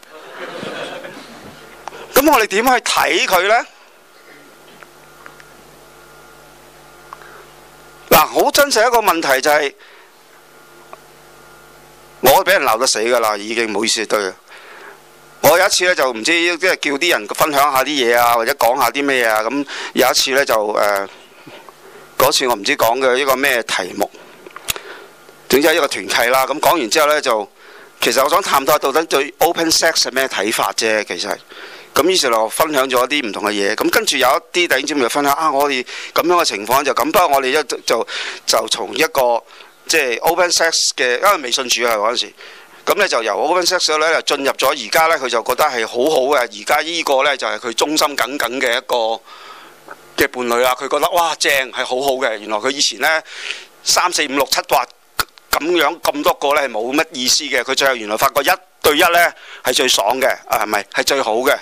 咁我哋點去睇佢呢？嗱，好真實一個問題就係、是、我俾人鬧得死噶啦，已經唔好意思對。我有一次呢，就唔知即係叫啲人分享一下啲嘢啊，或者講下啲咩啊。咁有一次呢，就、呃、嗰次我唔知講嘅一個咩題目。整咗一個團契啦，咁講完之後呢，就，其實我想探討下到底對 open sex 係咩睇法啫，其實。咁於是就分享咗啲唔同嘅嘢，咁跟住有一啲第二啲分享啊，我哋咁樣嘅情況就咁。不過我哋一就就從一個即係、就是、open sex 嘅，因為微信處係嗰陣時。咁呢就由 open sex 咧就進入咗而家呢，佢就覺得係好好嘅。而家呢個呢，就係佢忠心耿耿嘅一個嘅伴侶啊，佢覺得哇正係好好嘅。原來佢以前呢，三四五六七八。咁樣咁多個呢，係冇乜意思嘅。佢最後原來發覺一對一呢係最爽嘅，啊係咪係最好嘅？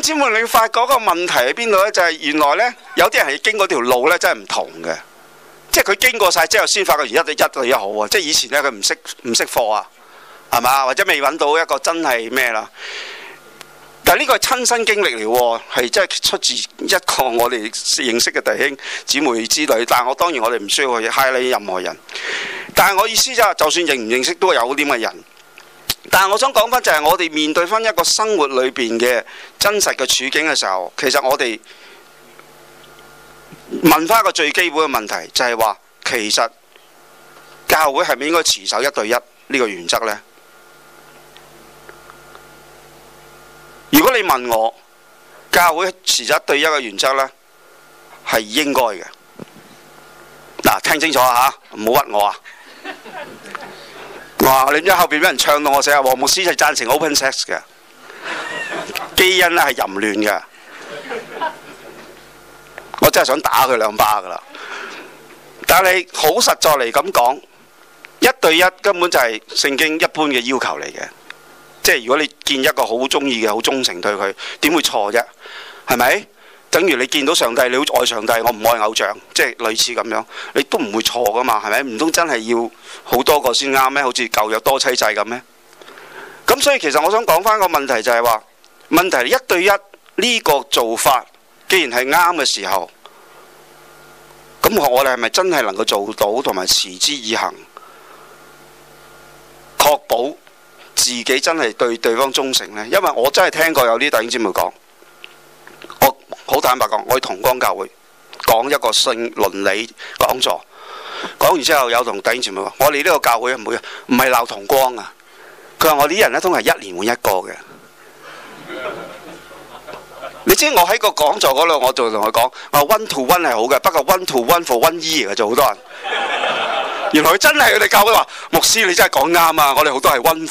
頂尖們，你發覺個問題係邊度呢？就係、是、原來呢，有啲人係經過條路呢，真係唔同嘅。即係佢經過晒之後，先發覺而一對一對一好喎，啊。即係以前呢，佢唔識唔識貨啊，係嘛？或者未揾到一個真係咩啦？但係呢個係親身經歷嚟喎，係真係出自一個我哋認識嘅弟兄姊妹之旅，但係我當然我哋唔需要去 high 你任何人。但係我意思就係、是，就算認唔認識都有啲乜人。但係我想講翻就係我哋面對翻一個生活裏邊嘅真實嘅處境嘅時候，其實我哋問翻一個最基本嘅問題就係、是、話其實教會係咪應該持守一對一呢個原則咧？如果你問我教會持一對一嘅原則呢，係應該嘅。嗱，聽清楚吓、啊，唔好屈我啊！哇，你知後邊俾人唱到我死，黃牧師係贊成 open sex 嘅，基恩呢，係淫亂嘅，我真係想打佢兩巴噶啦！但係好實在嚟咁講，一對一根本就係聖經一般嘅要求嚟嘅。即係如果你見一個好中意嘅、好忠誠對佢，點會錯啫？係咪？等於你見到上帝，你好愛上帝，我唔愛偶像，即係類似咁樣，你都唔會錯噶嘛？係咪？唔通真係要好多個先啱咩？好似舊約多妻制咁咩？咁所以其實我想講翻個問題就係話，問題一對一呢個做法，既然係啱嘅時候，咁我哋係咪真係能夠做到同埋持之以恒？確保，自己真係對對方忠誠呢，因為我真係聽過有啲弟兄姊妹講，我好坦白講，我喺同光教會講一個性倫理講座，講完之後有同弟兄姊妹話：我哋呢個教會唔會唔係鬧同光啊！佢話我啲人呢，都係一年換一個嘅。你知我喺個講座嗰度，我就同佢講話，one to one 係好嘅，不過 one to one for one E 嘅就好多人。原來佢真係佢哋教會話牧師，你真係講啱啊！我哋好多係 one。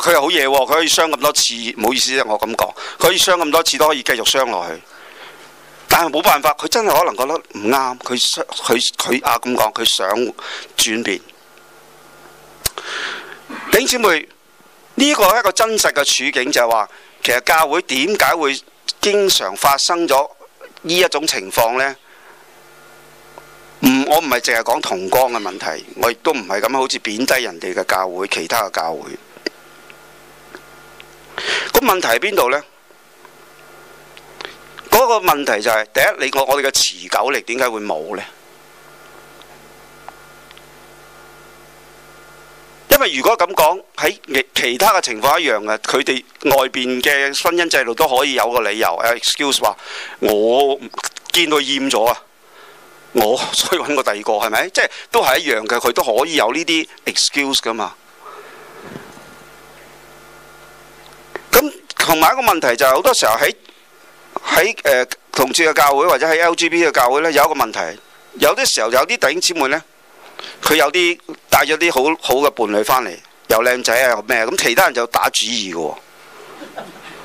佢又好嘢，佢可以傷咁多次。唔好意思，我咁講，佢可以傷咁多次都可以繼續傷落去。但係冇辦法，佢真係可能覺得唔啱，佢佢佢啊咁講，佢想轉變。頂姐妹，呢個一個真實嘅處境就係話，其實教會點解會經常發生咗呢一種情況呢？唔，我唔係淨係講同光嘅問題，我亦都唔係咁好似貶低人哋嘅教會，其他嘅教會。個問題喺邊度呢？嗰、那個問題就係、是、第一，你我我哋嘅持久力點解會冇呢？因為如果咁講，喺其他嘅情況一樣嘅，佢哋外邊嘅婚姻制度都可以有個理由。誒，excuse 話我見佢厭咗啊，我所以搵個第二個係咪？即係都係一樣嘅，佢都可以有呢啲 excuse 噶嘛同埋一個問題就係、是、好多時候喺喺誒同志嘅教會或者喺 LGB 嘅教會呢，有一個問題，有啲時候有啲弟兄姊妹呢，佢有啲帶咗啲好好嘅伴侶翻嚟，又靚仔啊，又咩，咁其他人就打主意嘅喎、哦。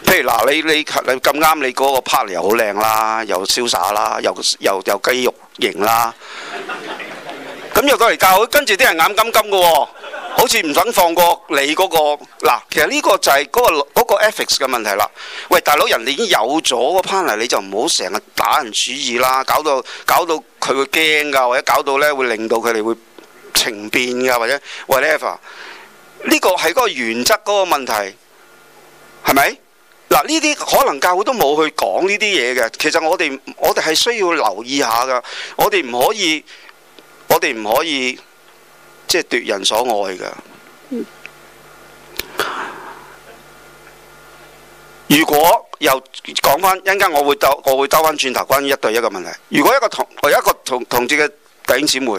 譬如嗱、啊，你你咁啱你嗰個 partner 又好靚啦，又瀟灑啦，又又又肌肉型啦，咁入到嚟教會，跟住啲人眼金金嘅喎。好似唔想放過你嗰個嗱，其實呢個就係嗰個嗰個 ethics 嘅問題啦。喂，大佬，人哋已經有咗個 partner，你就唔好成日打人主意啦，搞到搞到佢會驚㗎，或者搞到呢會令到佢哋會情變㗎，或者 whatever。呢個係嗰個原則嗰個問題，係咪？嗱，呢啲可能教會都冇去講呢啲嘢嘅。其實我哋我哋係需要留意下噶，我哋唔可以，我哋唔可以。即係奪人所愛㗎。如果又講翻，陣間我會兜，我會兜翻轉頭關於一對一嘅問題。如果一個同，有一個同同志嘅弟兄姊妹，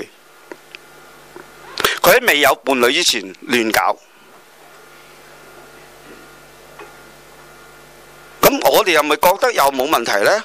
佢喺未有伴侶之前亂搞，咁我哋係咪覺得又冇問題呢？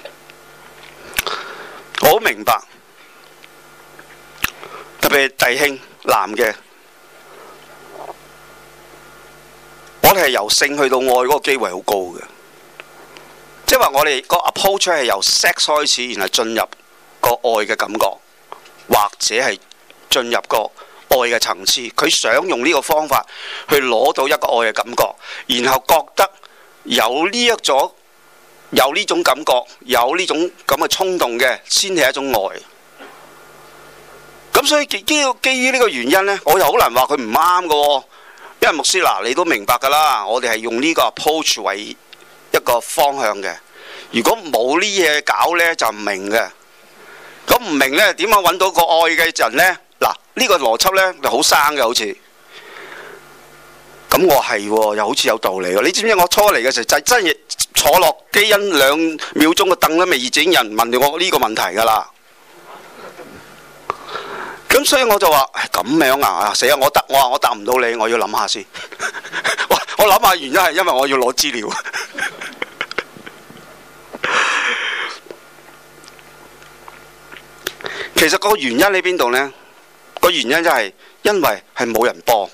我好明白，特別係弟兄男嘅，我哋係由性去到愛嗰個機會好高嘅，即係話我哋個 approach 係由 sex 開始，然後進入個愛嘅感覺，或者係進入個愛嘅層次。佢想用呢個方法去攞到一個愛嘅感覺，然後覺得有呢一種。有呢種感覺，有呢種咁嘅衝動嘅，先係一種愛。咁所以基於基於呢個原因呢，我又好難話佢唔啱嘅。因為牧師嗱，你都明白㗎啦，我哋係用呢個 approach 為一個方向嘅。如果冇呢嘢搞不不呢，就唔明嘅。咁唔明呢，點樣揾到個愛嘅人呢？嗱，呢個邏輯呢，就好生嘅，好似。咁我係喎，又好似有道理喎。你知唔知我初嚟嘅時候，就是、真係坐落基恩兩秒鐘嘅凳都未整，人問我呢個問題㗎啦。咁所以我就話咁、哎、樣啊，死啊！我答我話我答唔到你，我要諗下先。 我諗下原因係因為我要攞資料。 其實個原因喺邊度呢？個原因就係因為係冇人幫。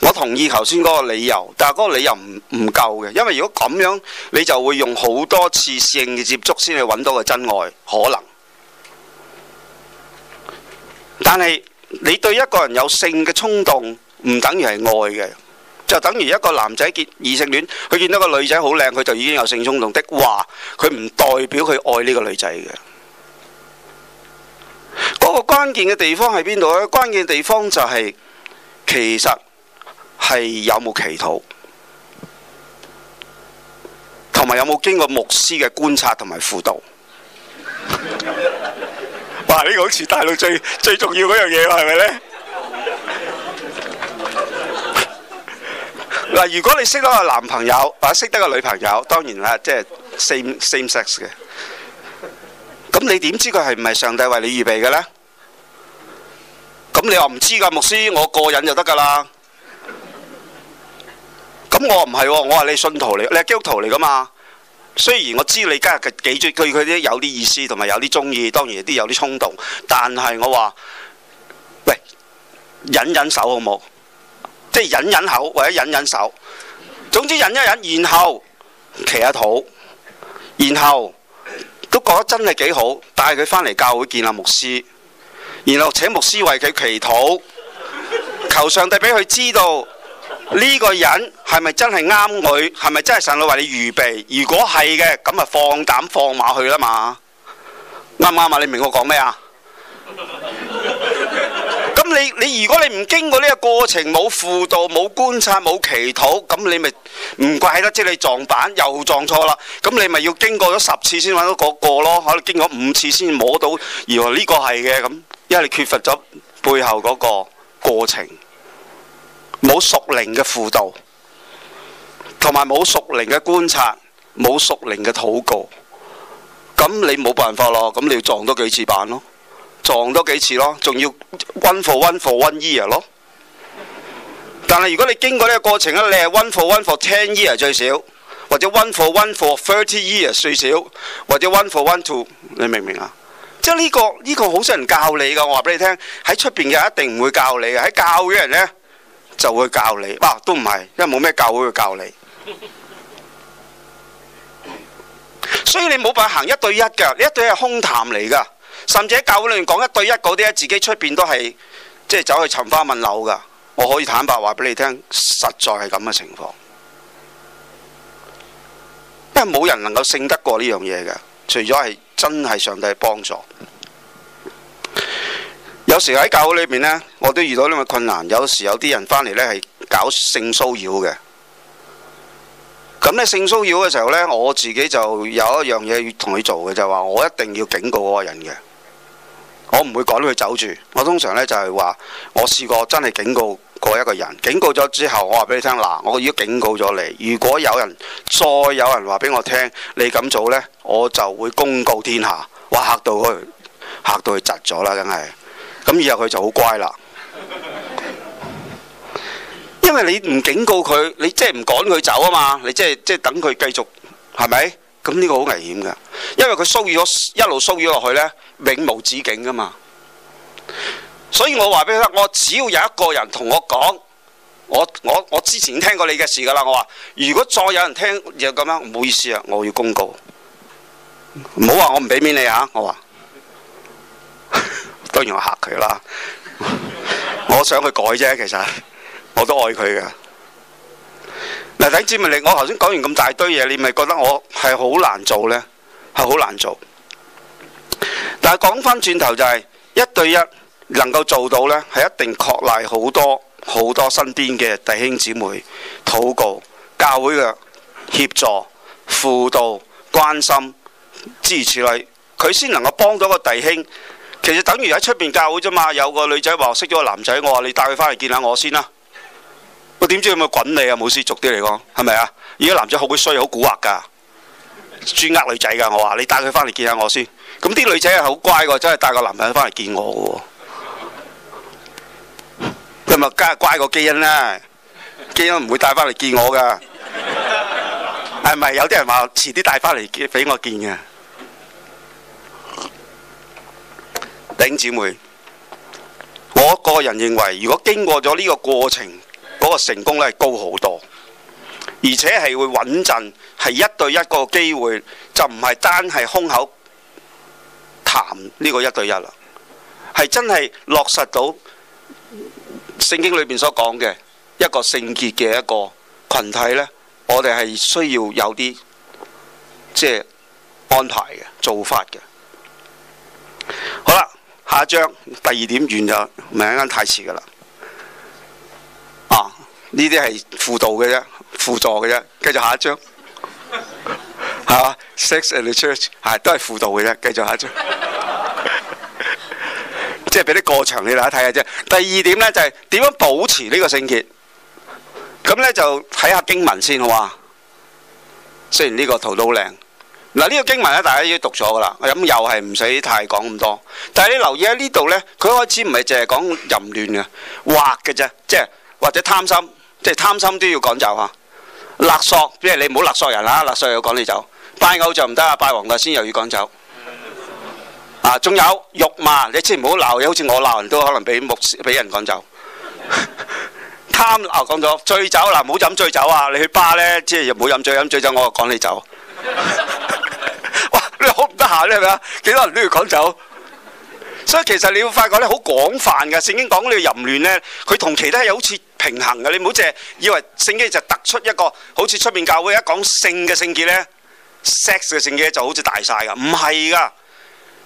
我同意頭先嗰個理由，但係嗰個理由唔唔夠嘅，因為如果咁樣，你就會用好多次性嘅接觸先去揾到個真愛可能。但係你對一個人有性嘅衝動，唔等於係愛嘅，就等於一個男仔結異性戀，佢見到個女仔好靚，佢就已經有性衝動的話，佢唔代表佢愛呢個女仔嘅。嗰個關鍵嘅地方喺邊度咧？關鍵地方就係其實。係有冇祈禱，同埋有冇經過牧師嘅觀察同埋輔導？ 哇！呢、這個好似大陸最最重要嗰樣嘢，係咪呢？嗱， 如果你識得個男朋友或者識得個女朋友，當然啦，即、就、係、是、same same sex 嘅。咁你點知佢係唔係上帝為你預備嘅呢？咁你話唔知噶，牧師我過癮就得噶啦。咁我唔係、哦，我話你是信徒嚟，你係基督徒嚟噶嘛？雖然我知道你今日幾句佢佢啲有啲意思，同埋有啲中意，當然啲有啲衝動，但係我話，喂，忍忍手好冇？即係忍忍口，或者忍忍手。總之忍一忍，然後祈下禱，然後都覺得真係幾好。帶佢翻嚟教會見阿牧師，然後請牧師為佢祈禱，求上帝俾佢知道。呢、個人係咪真係啱佢？係咪真係神父為你預備？如果係嘅，咁咪放膽放馬去啦嘛？啱唔啱啊？你明我講咩啊？咁 你你如果你唔經過呢個過程，冇輔導、冇觀察、冇祈禱，咁你咪唔怪得之、即係、你撞板又撞錯啦。咁你咪要經過咗十次先揾到嗰個咯。可能你經過五次先摸到，原來呢個係嘅咁，因為你缺乏咗背後嗰個過程。冇熟靈嘅輔導，同埋冇熟靈嘅觀察，冇熟靈嘅禱告，咁你冇辦法咯。咁你要撞多幾次板咯，撞多幾次咯，仲要 one for one for one year 咯。但係如果你經過呢個過程咧，你係 one for one for ten year 最少，或者 one for one for thirty year 最少，或者 one for one, for one two，你明唔明啊？即係呢個呢個好少人教你噶，我話俾你聽，喺出面嘅一定唔會教你嘅，喺教嘅人呢，就會教你，哇！都唔係，因為冇咩教會去教你，所以你冇辦法行一對一嘅，一對係空談嚟㗎。甚至喺教會裏面講一對一嗰啲咧，自己出邊都係即係走去尋花問柳㗎。我可以坦白話俾你聽，實在係咁嘅情況，因為冇人能夠勝得過呢樣嘢嘅，除咗係真係上帝幫助。有時喺教會裏面呢，我都遇到呢個困難。有時有啲人返嚟呢，係搞性騷擾嘅。咁呢，性騷擾嘅時候呢，我自己就有一樣嘢要同佢做嘅，就係話我一定要警告嗰個人嘅。我唔會趕佢走住。我通常呢就係話，我試過真係警告過一個人。警告咗之後，我話俾你聽，嗱，我如果警告咗你，如果有人再有人話俾我聽你咁做呢，我就會公告天下，哇，嚇到佢，嚇到佢窒咗啦，真係。咁以後佢就好乖啦，因為你唔警告佢，你即係唔趕佢走啊嘛，你即係即係等佢繼續係咪？咁呢個好危險嘅，因為佢騷擾咗一路騷擾落去呢，永無止境噶嘛。所以我話俾佢聽，我只要有一個人同我講，我我我之前聽過你嘅事噶啦，我話如果再有人聽就咁樣，唔好意思啊，我要公告，唔好話我唔俾面你呀，我話。當然我嚇佢啦， 我想佢改啫。其實我都愛佢嘅嗱。睇知咪你？我頭先講完咁大堆嘢，你咪覺得我係好難做呢？係好難做。但係講翻轉頭就係、是、一對一能夠做到呢，係一定確賴好多好多身邊嘅弟兄姊妹禱告、教會嘅協助、輔導、關心、支持你，佢先能夠幫到個弟兄。其實等於喺出邊教會啫嘛，有個女仔話識咗個男仔，我話你帶佢翻嚟見下我先啦。我點知佢咪滾你啊？冇事俗啲嚟講，係咪啊？而家男仔好鬼衰，好蠱惑噶，專呃女仔噶。我話你帶佢翻嚟見下我先。咁啲女仔係好乖噶，真係帶個男人翻嚟見我噶。佢咪加乖個基因啦，基因唔會帶翻嚟見我噶。係咪有啲人話遲啲帶翻嚟俾我見嘅？弟兄姊妹，我個人認為，如果經過咗呢個過程，嗰個成功率係高好多，而且係會穩陣，係一對一個機會，就唔係單係空口談呢個一對一啦，係真係落實到聖經裏面所講嘅一個聖潔嘅一個群體呢，我哋係需要有啲即係安排嘅做法嘅。好啦。下一章第二點完就明天太遲了啦，啊呢啲係輔導嘅啫，輔助嘅啫，繼續下一章，係、 啊、Sex and the Church 都係輔導嘅啫，繼續下一章，即係俾啲過場你睇一睇啫。第二點呢，就係、是、點樣保持呢個聖潔，咁咧就睇下經文先哇。雖然呢個圖都好靚。嗱呢個經文咧，大家已經讀咗噶啦。咁又係唔使太講咁多。但係你留意喺呢度咧，佢開始唔係淨係講淫亂嘅，滑嘅啫，即係或者貪心，即係貪心都要趕走嚇。勒索即係你唔好勒索人啦，勒索又要趕你走。拜偶像唔得啊，拜黃大仙又要趕走。啊，仲有辱罵你，千唔好鬧嘢，好似我鬧人都可能俾目俾人趕走。貪啊，講咗醉酒嗱，唔好飲醉酒啊，你去巴咧，即係唔好飲醉飲醉酒，我就趕你走。下，係咪啊？幾多人都要趕走， 所以其實你要發覺咧，好廣泛噶。聖經講呢個淫亂咧，佢同其他嘢好似平衡噶。你唔好淨係以為聖經就突出一個，好似出面教會一講性嘅聖潔咧，sex 嘅聖潔就好似大晒噶，唔係噶。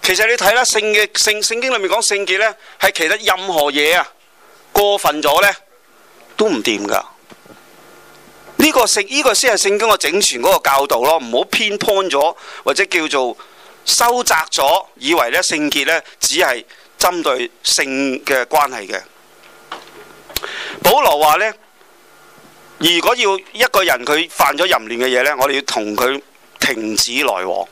其實你睇啦，性嘅聖聖經裏面講聖潔咧，係其他任何嘢啊，過分咗咧都唔掂噶。呢、這個聖呢、這個先係聖經個整全嗰個教導咯，唔好偏 point 咗或者叫做。.收窄咗，以為咧聖潔咧，只係針對性嘅關係嘅。保羅話呢，如果要一個人佢犯咗淫亂嘅嘢呢，我哋要同佢停止來往。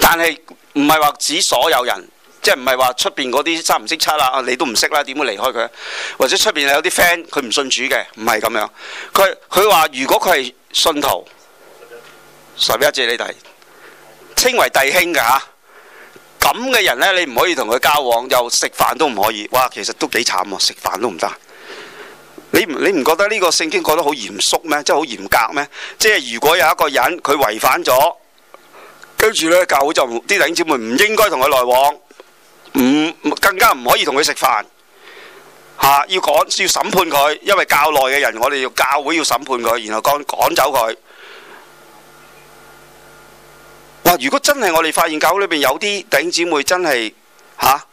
但係唔係話指所有人，即係唔係話出邊嗰啲三唔識七，啦，你都唔識啦，啊，點會離開佢？或者出邊有啲 friend 佢唔信主嘅，唔係咁樣。佢佢話如果佢係信徒。十一謝你哋，稱為弟兄嘅，吓，咁嘅人呢，你唔可以同佢交往，又食飯都唔可以。哇，其實都幾慘喎，食飯都唔得。你唔你唔覺得呢個聖經講得好嚴肅咩？即係好嚴格咩？即係如果有一個人佢違反咗，跟住呢教會就啲弟兄姊妹唔應該同佢來往，唔更加唔可以同佢食飯。吓、啊，要趕，要審判佢，因為教內嘅人，我哋要教會要審判佢，然後趕趕走佢。哇！如果真係我哋發現教會裏邊有啲頂姊妹真係嚇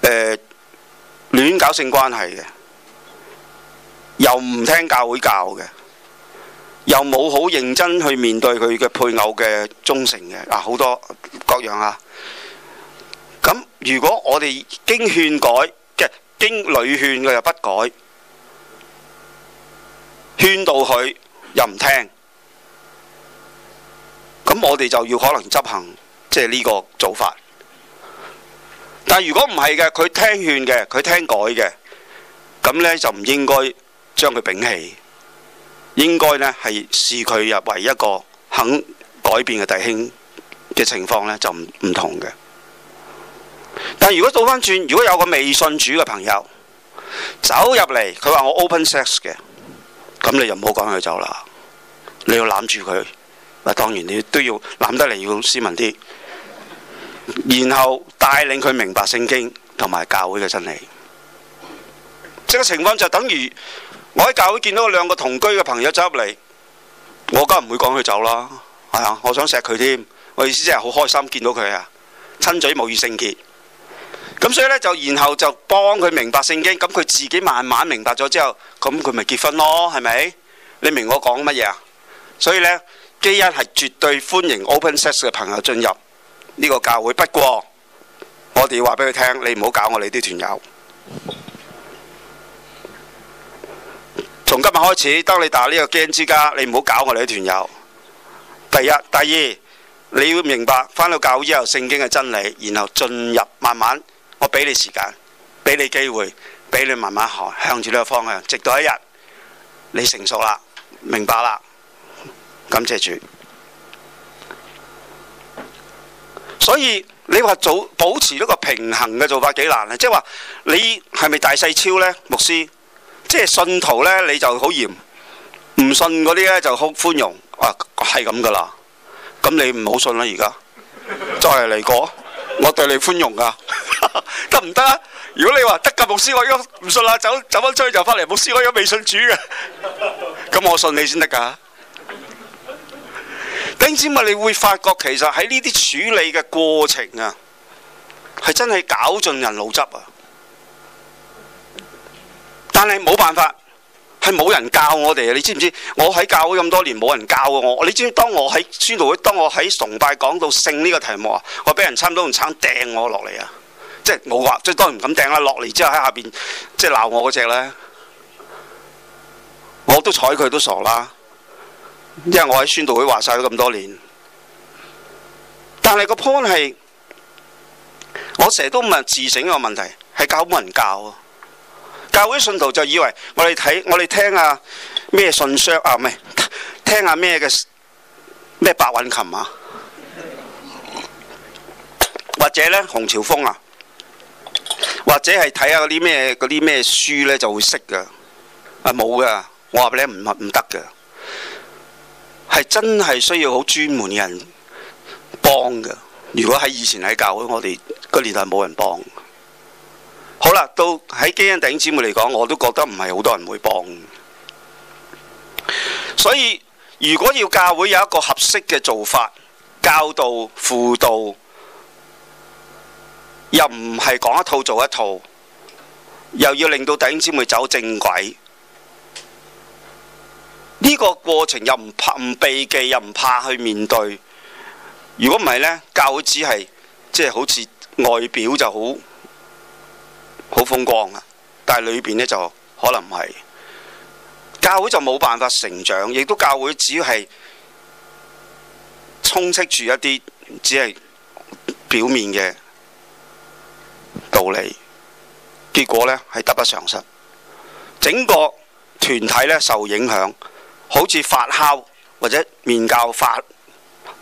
誒亂搞性關係嘅，又唔聽教會教嘅，又冇好認真去面對佢嘅配偶嘅忠誠嘅啊，好多各樣啊！咁如果我哋經勸改嘅，經女勸佢又不改，勸到佢又唔聽。咁我哋就要可能執行即係呢個做法，但如果唔係嘅，佢聽勸嘅，佢聽改嘅，咁呢就唔應該將佢摒棄，應該呢係視佢入為一個肯改變嘅弟兄嘅情況呢，就唔唔同嘅。但如果倒翻轉，如果有個未信主嘅朋友走入嚟，佢話我 open sex 嘅，咁你就唔好趕佢走啦，你要攬住佢。嗱，當然你都要諗得嚟，要斯文啲，然後帶領佢明白聖經同埋教會嘅真理。即係情況就等於我喺教會見到兩個同居嘅朋友走入嚟，我梗唔會講佢走啦。係、哎、啊，我想錫佢添。我意思即係好開心見到佢啊，親嘴務要聖潔。咁所以呢，就然後就幫佢明白聖經，咁佢自己慢慢明白咗之後，咁佢咪結婚咯？係咪？你明我講乜嘢啊？所以呢。基恩係絕對歡迎 open source 嘅朋友進入呢個教會，不過我哋要話俾佢聽，你唔好搞我哋啲團友。從今日開始，當你打呢個基恩之家，你唔好搞我哋啲團友。第一、第二，你要明白翻到教會之後，聖經嘅真理，然後進入慢慢，我俾你時間，俾你機會，俾你慢慢學，向住呢個方向，直到一日你成熟啦，明白啦。感謝主，所以你話做保持一個平衡嘅做法幾難啊！即係話，你係咪大細超呢？牧師，即係信徒呢，你就好嚴，唔信嗰啲呢就好寬容啊，係咁噶啦。咁你唔好信啦，而家再嚟過，我對你寬容噶，得唔得啊？如果你話得嘅，牧師我而家唔信啦，走走翻出去就翻嚟，牧師我而家未信主嘅，咁我信你先得噶。你知唔知，你會發覺其實喺呢啲處理嘅過程啊，係真係搞盡人腦汁啊！但係冇辦法，係冇人教我哋啊！你知唔知？我喺教會咁多年，冇人教過我。你知唔知，當我喺宣道會，當我喺崇拜講到性呢個題目啊，我俾人差唔多用鏟掟我落嚟啊！即係冇話，即係當然唔敢掟啦。落嚟之後喺下邊，即係鬧我嗰隻呢，我都睬佢都傻啦。因為我喺宣道會話晒咗咁多年，但係個 point 係，我成日都問自省個問題，係教冇人教啊！教會信徒就以為我哋睇我哋聽下咩信箱啊，唔係聽下咩嘅咩白韻琴啊，或者咧洪朝峰啊，或者係睇下嗰啲咩嗰啲咩書咧就會識噶，啊冇噶，我話畀你唔唔得噶。不不係真係需要好專門嘅人幫嘅。如果喺以前喺教會，我哋個年代冇人幫。好啦，到喺基恩弟兄姊妹嚟講，我都覺得唔係好多人會幫。所以如果要教會有一個合適嘅做法，教導、輔導，又唔係講一套做一套，又要令到弟兄姊妹走正軌。呢個過程又唔怕唔避忌，又唔怕去面對。如果唔係呢，教會只係即係好似外表就好好風光啊，但係裏邊呢就可能唔係。教會就冇辦法成長，亦都教會只係充斥住一啲只係表面嘅道理，結果呢係得不償失，整個團體呢受影響。好似發酵或者麵教發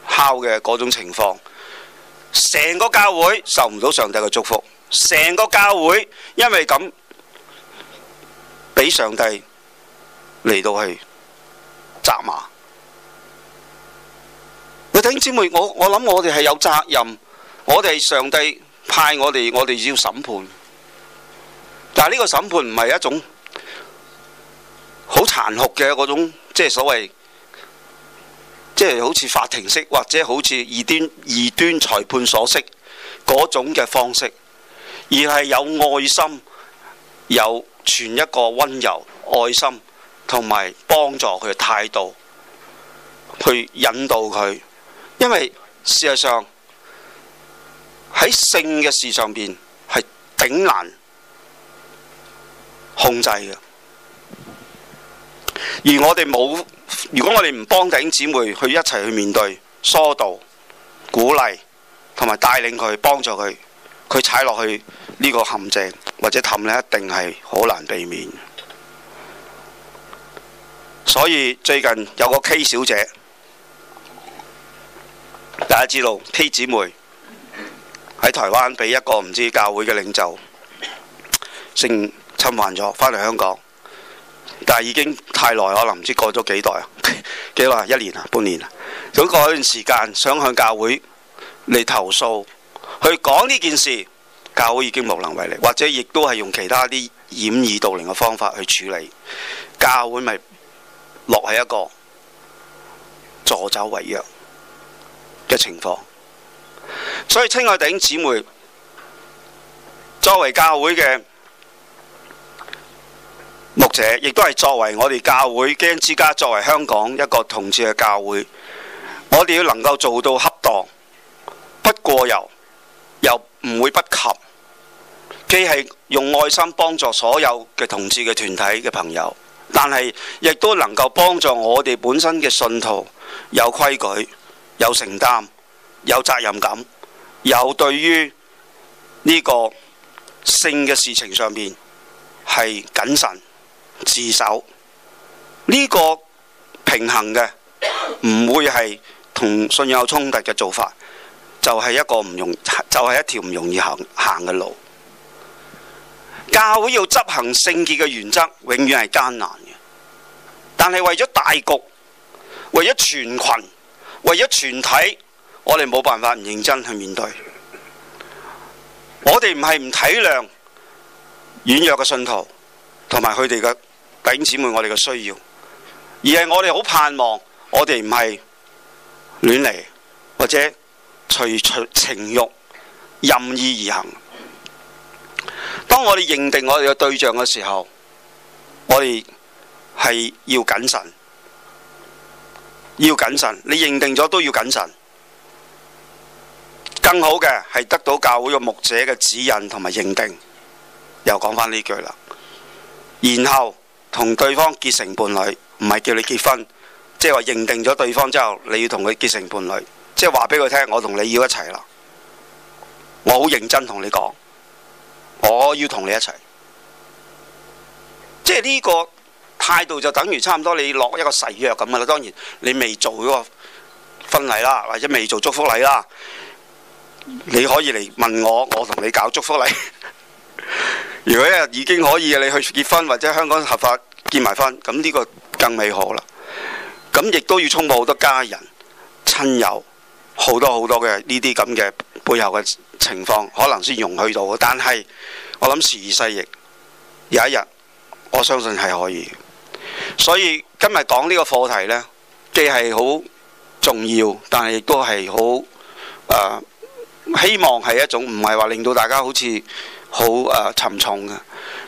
酵嘅嗰種情況，成個教會受唔到上帝嘅祝福，成個教會因為咁俾上帝嚟到去責罵。你弟兄姊妹，我我諗我哋係有責任，我哋上帝派我哋，我哋要審判。但係呢個審判唔係一種好殘酷嘅嗰種。即係所謂，即係好似法庭式，或者好似異端異端裁判所式嗰種嘅方式，而係有愛心、有全一個溫柔、愛心同埋幫助佢嘅態度去引導佢。因為事實上喺性嘅事上邊係頂難控制嘅。而我哋冇，如果我哋唔幫弟兄姊妹去一齊去面對、疏導、鼓勵同埋帶領佢、幫助佢，佢踩落去呢個陷阱或者氹咧，一定係好難避免。所以最近有個 K 小姐，大家知道 K 姊妹喺台灣俾一個唔知教會嘅領袖性侵犯咗，返嚟香港。但已經太耐，可能唔知道過咗幾代啊？幾耐啊？一年啊？半年啊？咁過一段時間想向教會嚟投訴，去講呢件事，教會已經無能為力，或者亦都係用其他啲掩耳盜鈴嘅方法去處理。教會咪落喺一個助紂為虐嘅情況，所以親愛嘅弟兄姊妹作為教會嘅牧者亦都係作為我哋教會、基恩之家作為香港一個同志嘅教會，我哋要能夠做到恰當，不過又又唔會不及，既係用愛心幫助所有嘅同志嘅團體嘅朋友，但係亦都能夠幫助我哋本身嘅信徒有規矩、有承擔、有責任感，又對於呢個性嘅事情上面係謹慎。自首呢，這個平衡嘅唔會係同信仰衝突嘅做法，就係、是、一個唔容就係、是、一條唔容易行行嘅路。教會要執行聖潔嘅原則，永遠係艱難嘅。但係為咗大局，為咗全群，為咗全體，我哋冇辦法唔認真去面對。我哋唔係唔體諒軟弱嘅信徒，同埋佢哋嘅。弟兄姊妹，我哋嘅需要，而係我哋好盼望我。我哋唔係亂嚟，或者隨情欲任意而行。當我哋認定我哋嘅對象嘅時候，我哋係要謹慎，要謹慎。你認定咗都要謹慎。更好嘅係得到教會嘅牧者嘅指引同埋認定。又講返呢句啦，然後。同對方結成伴侶，唔係叫你結婚，即係話認定咗對方之後，你要同佢結成伴侶，即係話俾佢聽，我同你要一齊啦。我好認真同你講，我要同你一齊。即係呢個態度就等於差唔多你落一個誓約咁啦。當然你未做嗰個婚禮啦，或者未做祝福禮啦，你可以嚟問我，我同你搞祝福禮。如果一日已經可以，你去結婚或者香港合法結埋婚，咁呢個更美好啦。咁亦都要衝破好多家人、親友好多好多嘅呢啲咁嘅背後嘅情況，可能先容許到。但係我諗時移世易，有一日，我相信係可以。所以今日講呢個課題呢，既係好重要，但係亦都係好誒，希望係一種唔係話令到大家好似。好誒沉重嘅，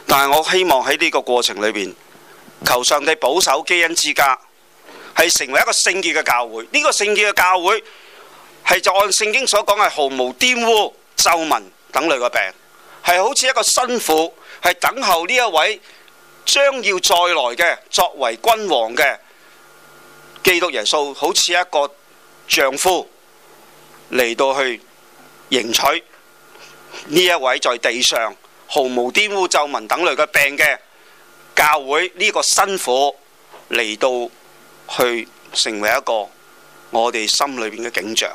但係我希望喺呢個過程裏邊，求上帝保守基恩之家，係成為一個聖潔嘅教會。呢個聖潔嘅教會係就按聖經所講係毫無玷污、皺紋等類嘅病，係好似一個新婦，係等候呢一位將要再來嘅作為君王嘅基督耶穌，好似一個丈夫嚟到去迎娶。呢一位在地上毫無玷污皺紋等類嘅病嘅教會呢，這個辛苦嚟到去成為一個我哋心裏邊嘅景象。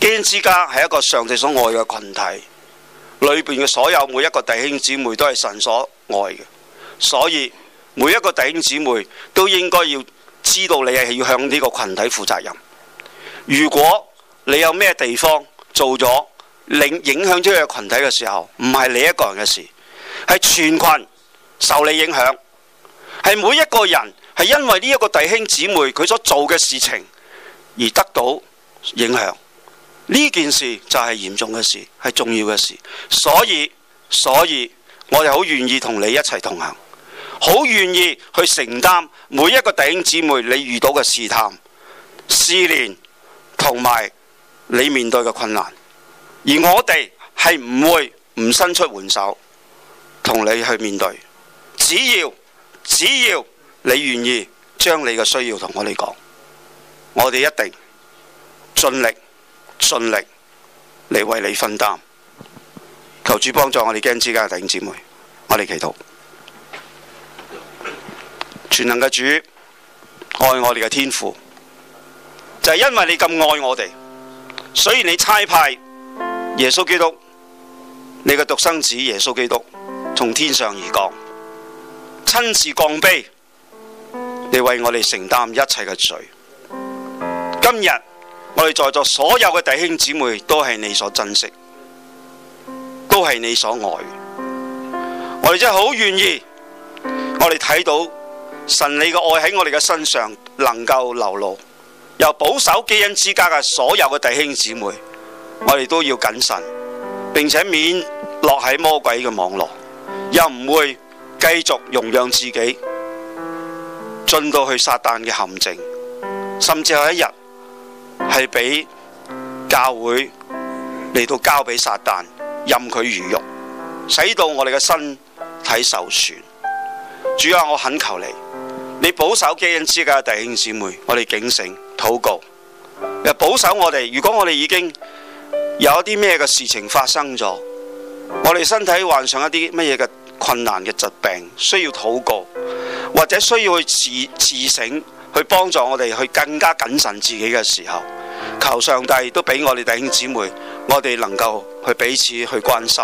基恩之家係一個上帝所愛嘅群體，裏邊嘅所有每一個弟兄姊妹都係神所愛嘅，所以每一個弟兄姊妹都應該要知道你係要向呢個群體負責任。如果你有咩地方做咗，影影響咗佢群體嘅時候，唔係你一個人嘅事，係全群受你影響，係每一個人係因為呢一個弟兄姊妹佢所做嘅事情而得到影響。呢件事就係嚴重嘅事，係重要嘅事，所以所以我哋好願意同你一齊同行，好願意去承擔每一個弟兄姊妹你遇到嘅試探、試練同埋你面對嘅困難。而我哋係唔會唔伸出援手同你去面對，只要只要你願意將你嘅需要同我哋講，我哋一定盡力盡力嚟為你分擔。求主幫助我哋基恩之家嘅弟兄姊妹，我哋祈禱。全能嘅主，愛我哋嘅天父，就係、是、因為你咁愛我哋，所以你差派。耶穌基督，你嘅獨生子耶穌基督從天上而降，親自降卑，你為我哋承擔一切嘅罪。今日我哋在座所有嘅弟兄姊妹都係你所珍惜，都係你所愛的。我哋真係好願意，我哋睇到神你嘅愛喺我哋嘅身上能夠流露，由保守基恩之家嘅所有嘅弟兄姊妹。我哋都要謹慎，並且免落喺魔鬼嘅網絡，又唔會繼續容讓自己進到去撒旦嘅陷阱，甚至有一日係俾教會嚟到交俾撒旦，任佢魚肉，使到我哋嘅身體受損。主啊，我懇求你，你保守基恩之家嘅弟兄姊妹，我哋警醒禱告，又保守我哋。如果我哋已經。有一啲咩嘅事情發生咗，我哋身體患上一啲乜嘢嘅困難嘅疾病，需要禱告，或者需要去自自省，去幫助我哋去更加謹慎自己嘅時候，求上帝都俾我哋弟兄姊妹，我哋能夠去彼此去關心，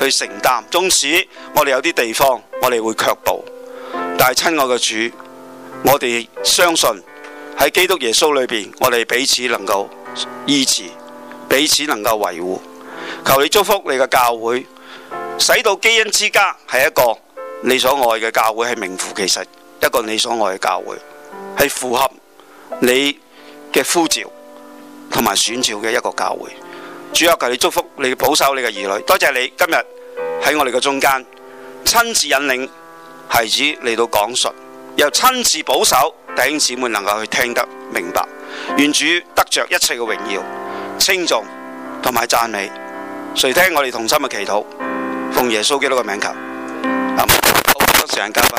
去承擔。縱使我哋有啲地方我哋會卻步，但係親愛嘅主，我哋相信喺基督耶穌裏邊，我哋彼此能夠醫治。彼此能夠維護，求你祝福你嘅教會，使到基恩之家係一個你所愛嘅教會，係名副其實一個你所愛嘅教會，係符合你嘅呼召同埋選召嘅一個教會。主要求你祝福你保守你嘅兒女。多謝你今日喺我哋嘅中間親自引領孩子嚟到講述，又親自保守弟兄姊妹能夠去聽得明白。願主得着一切嘅榮耀。稱頌同埋讚美，垂聽我哋同心嘅祈禱，奉耶穌基督嘅名求，好時間。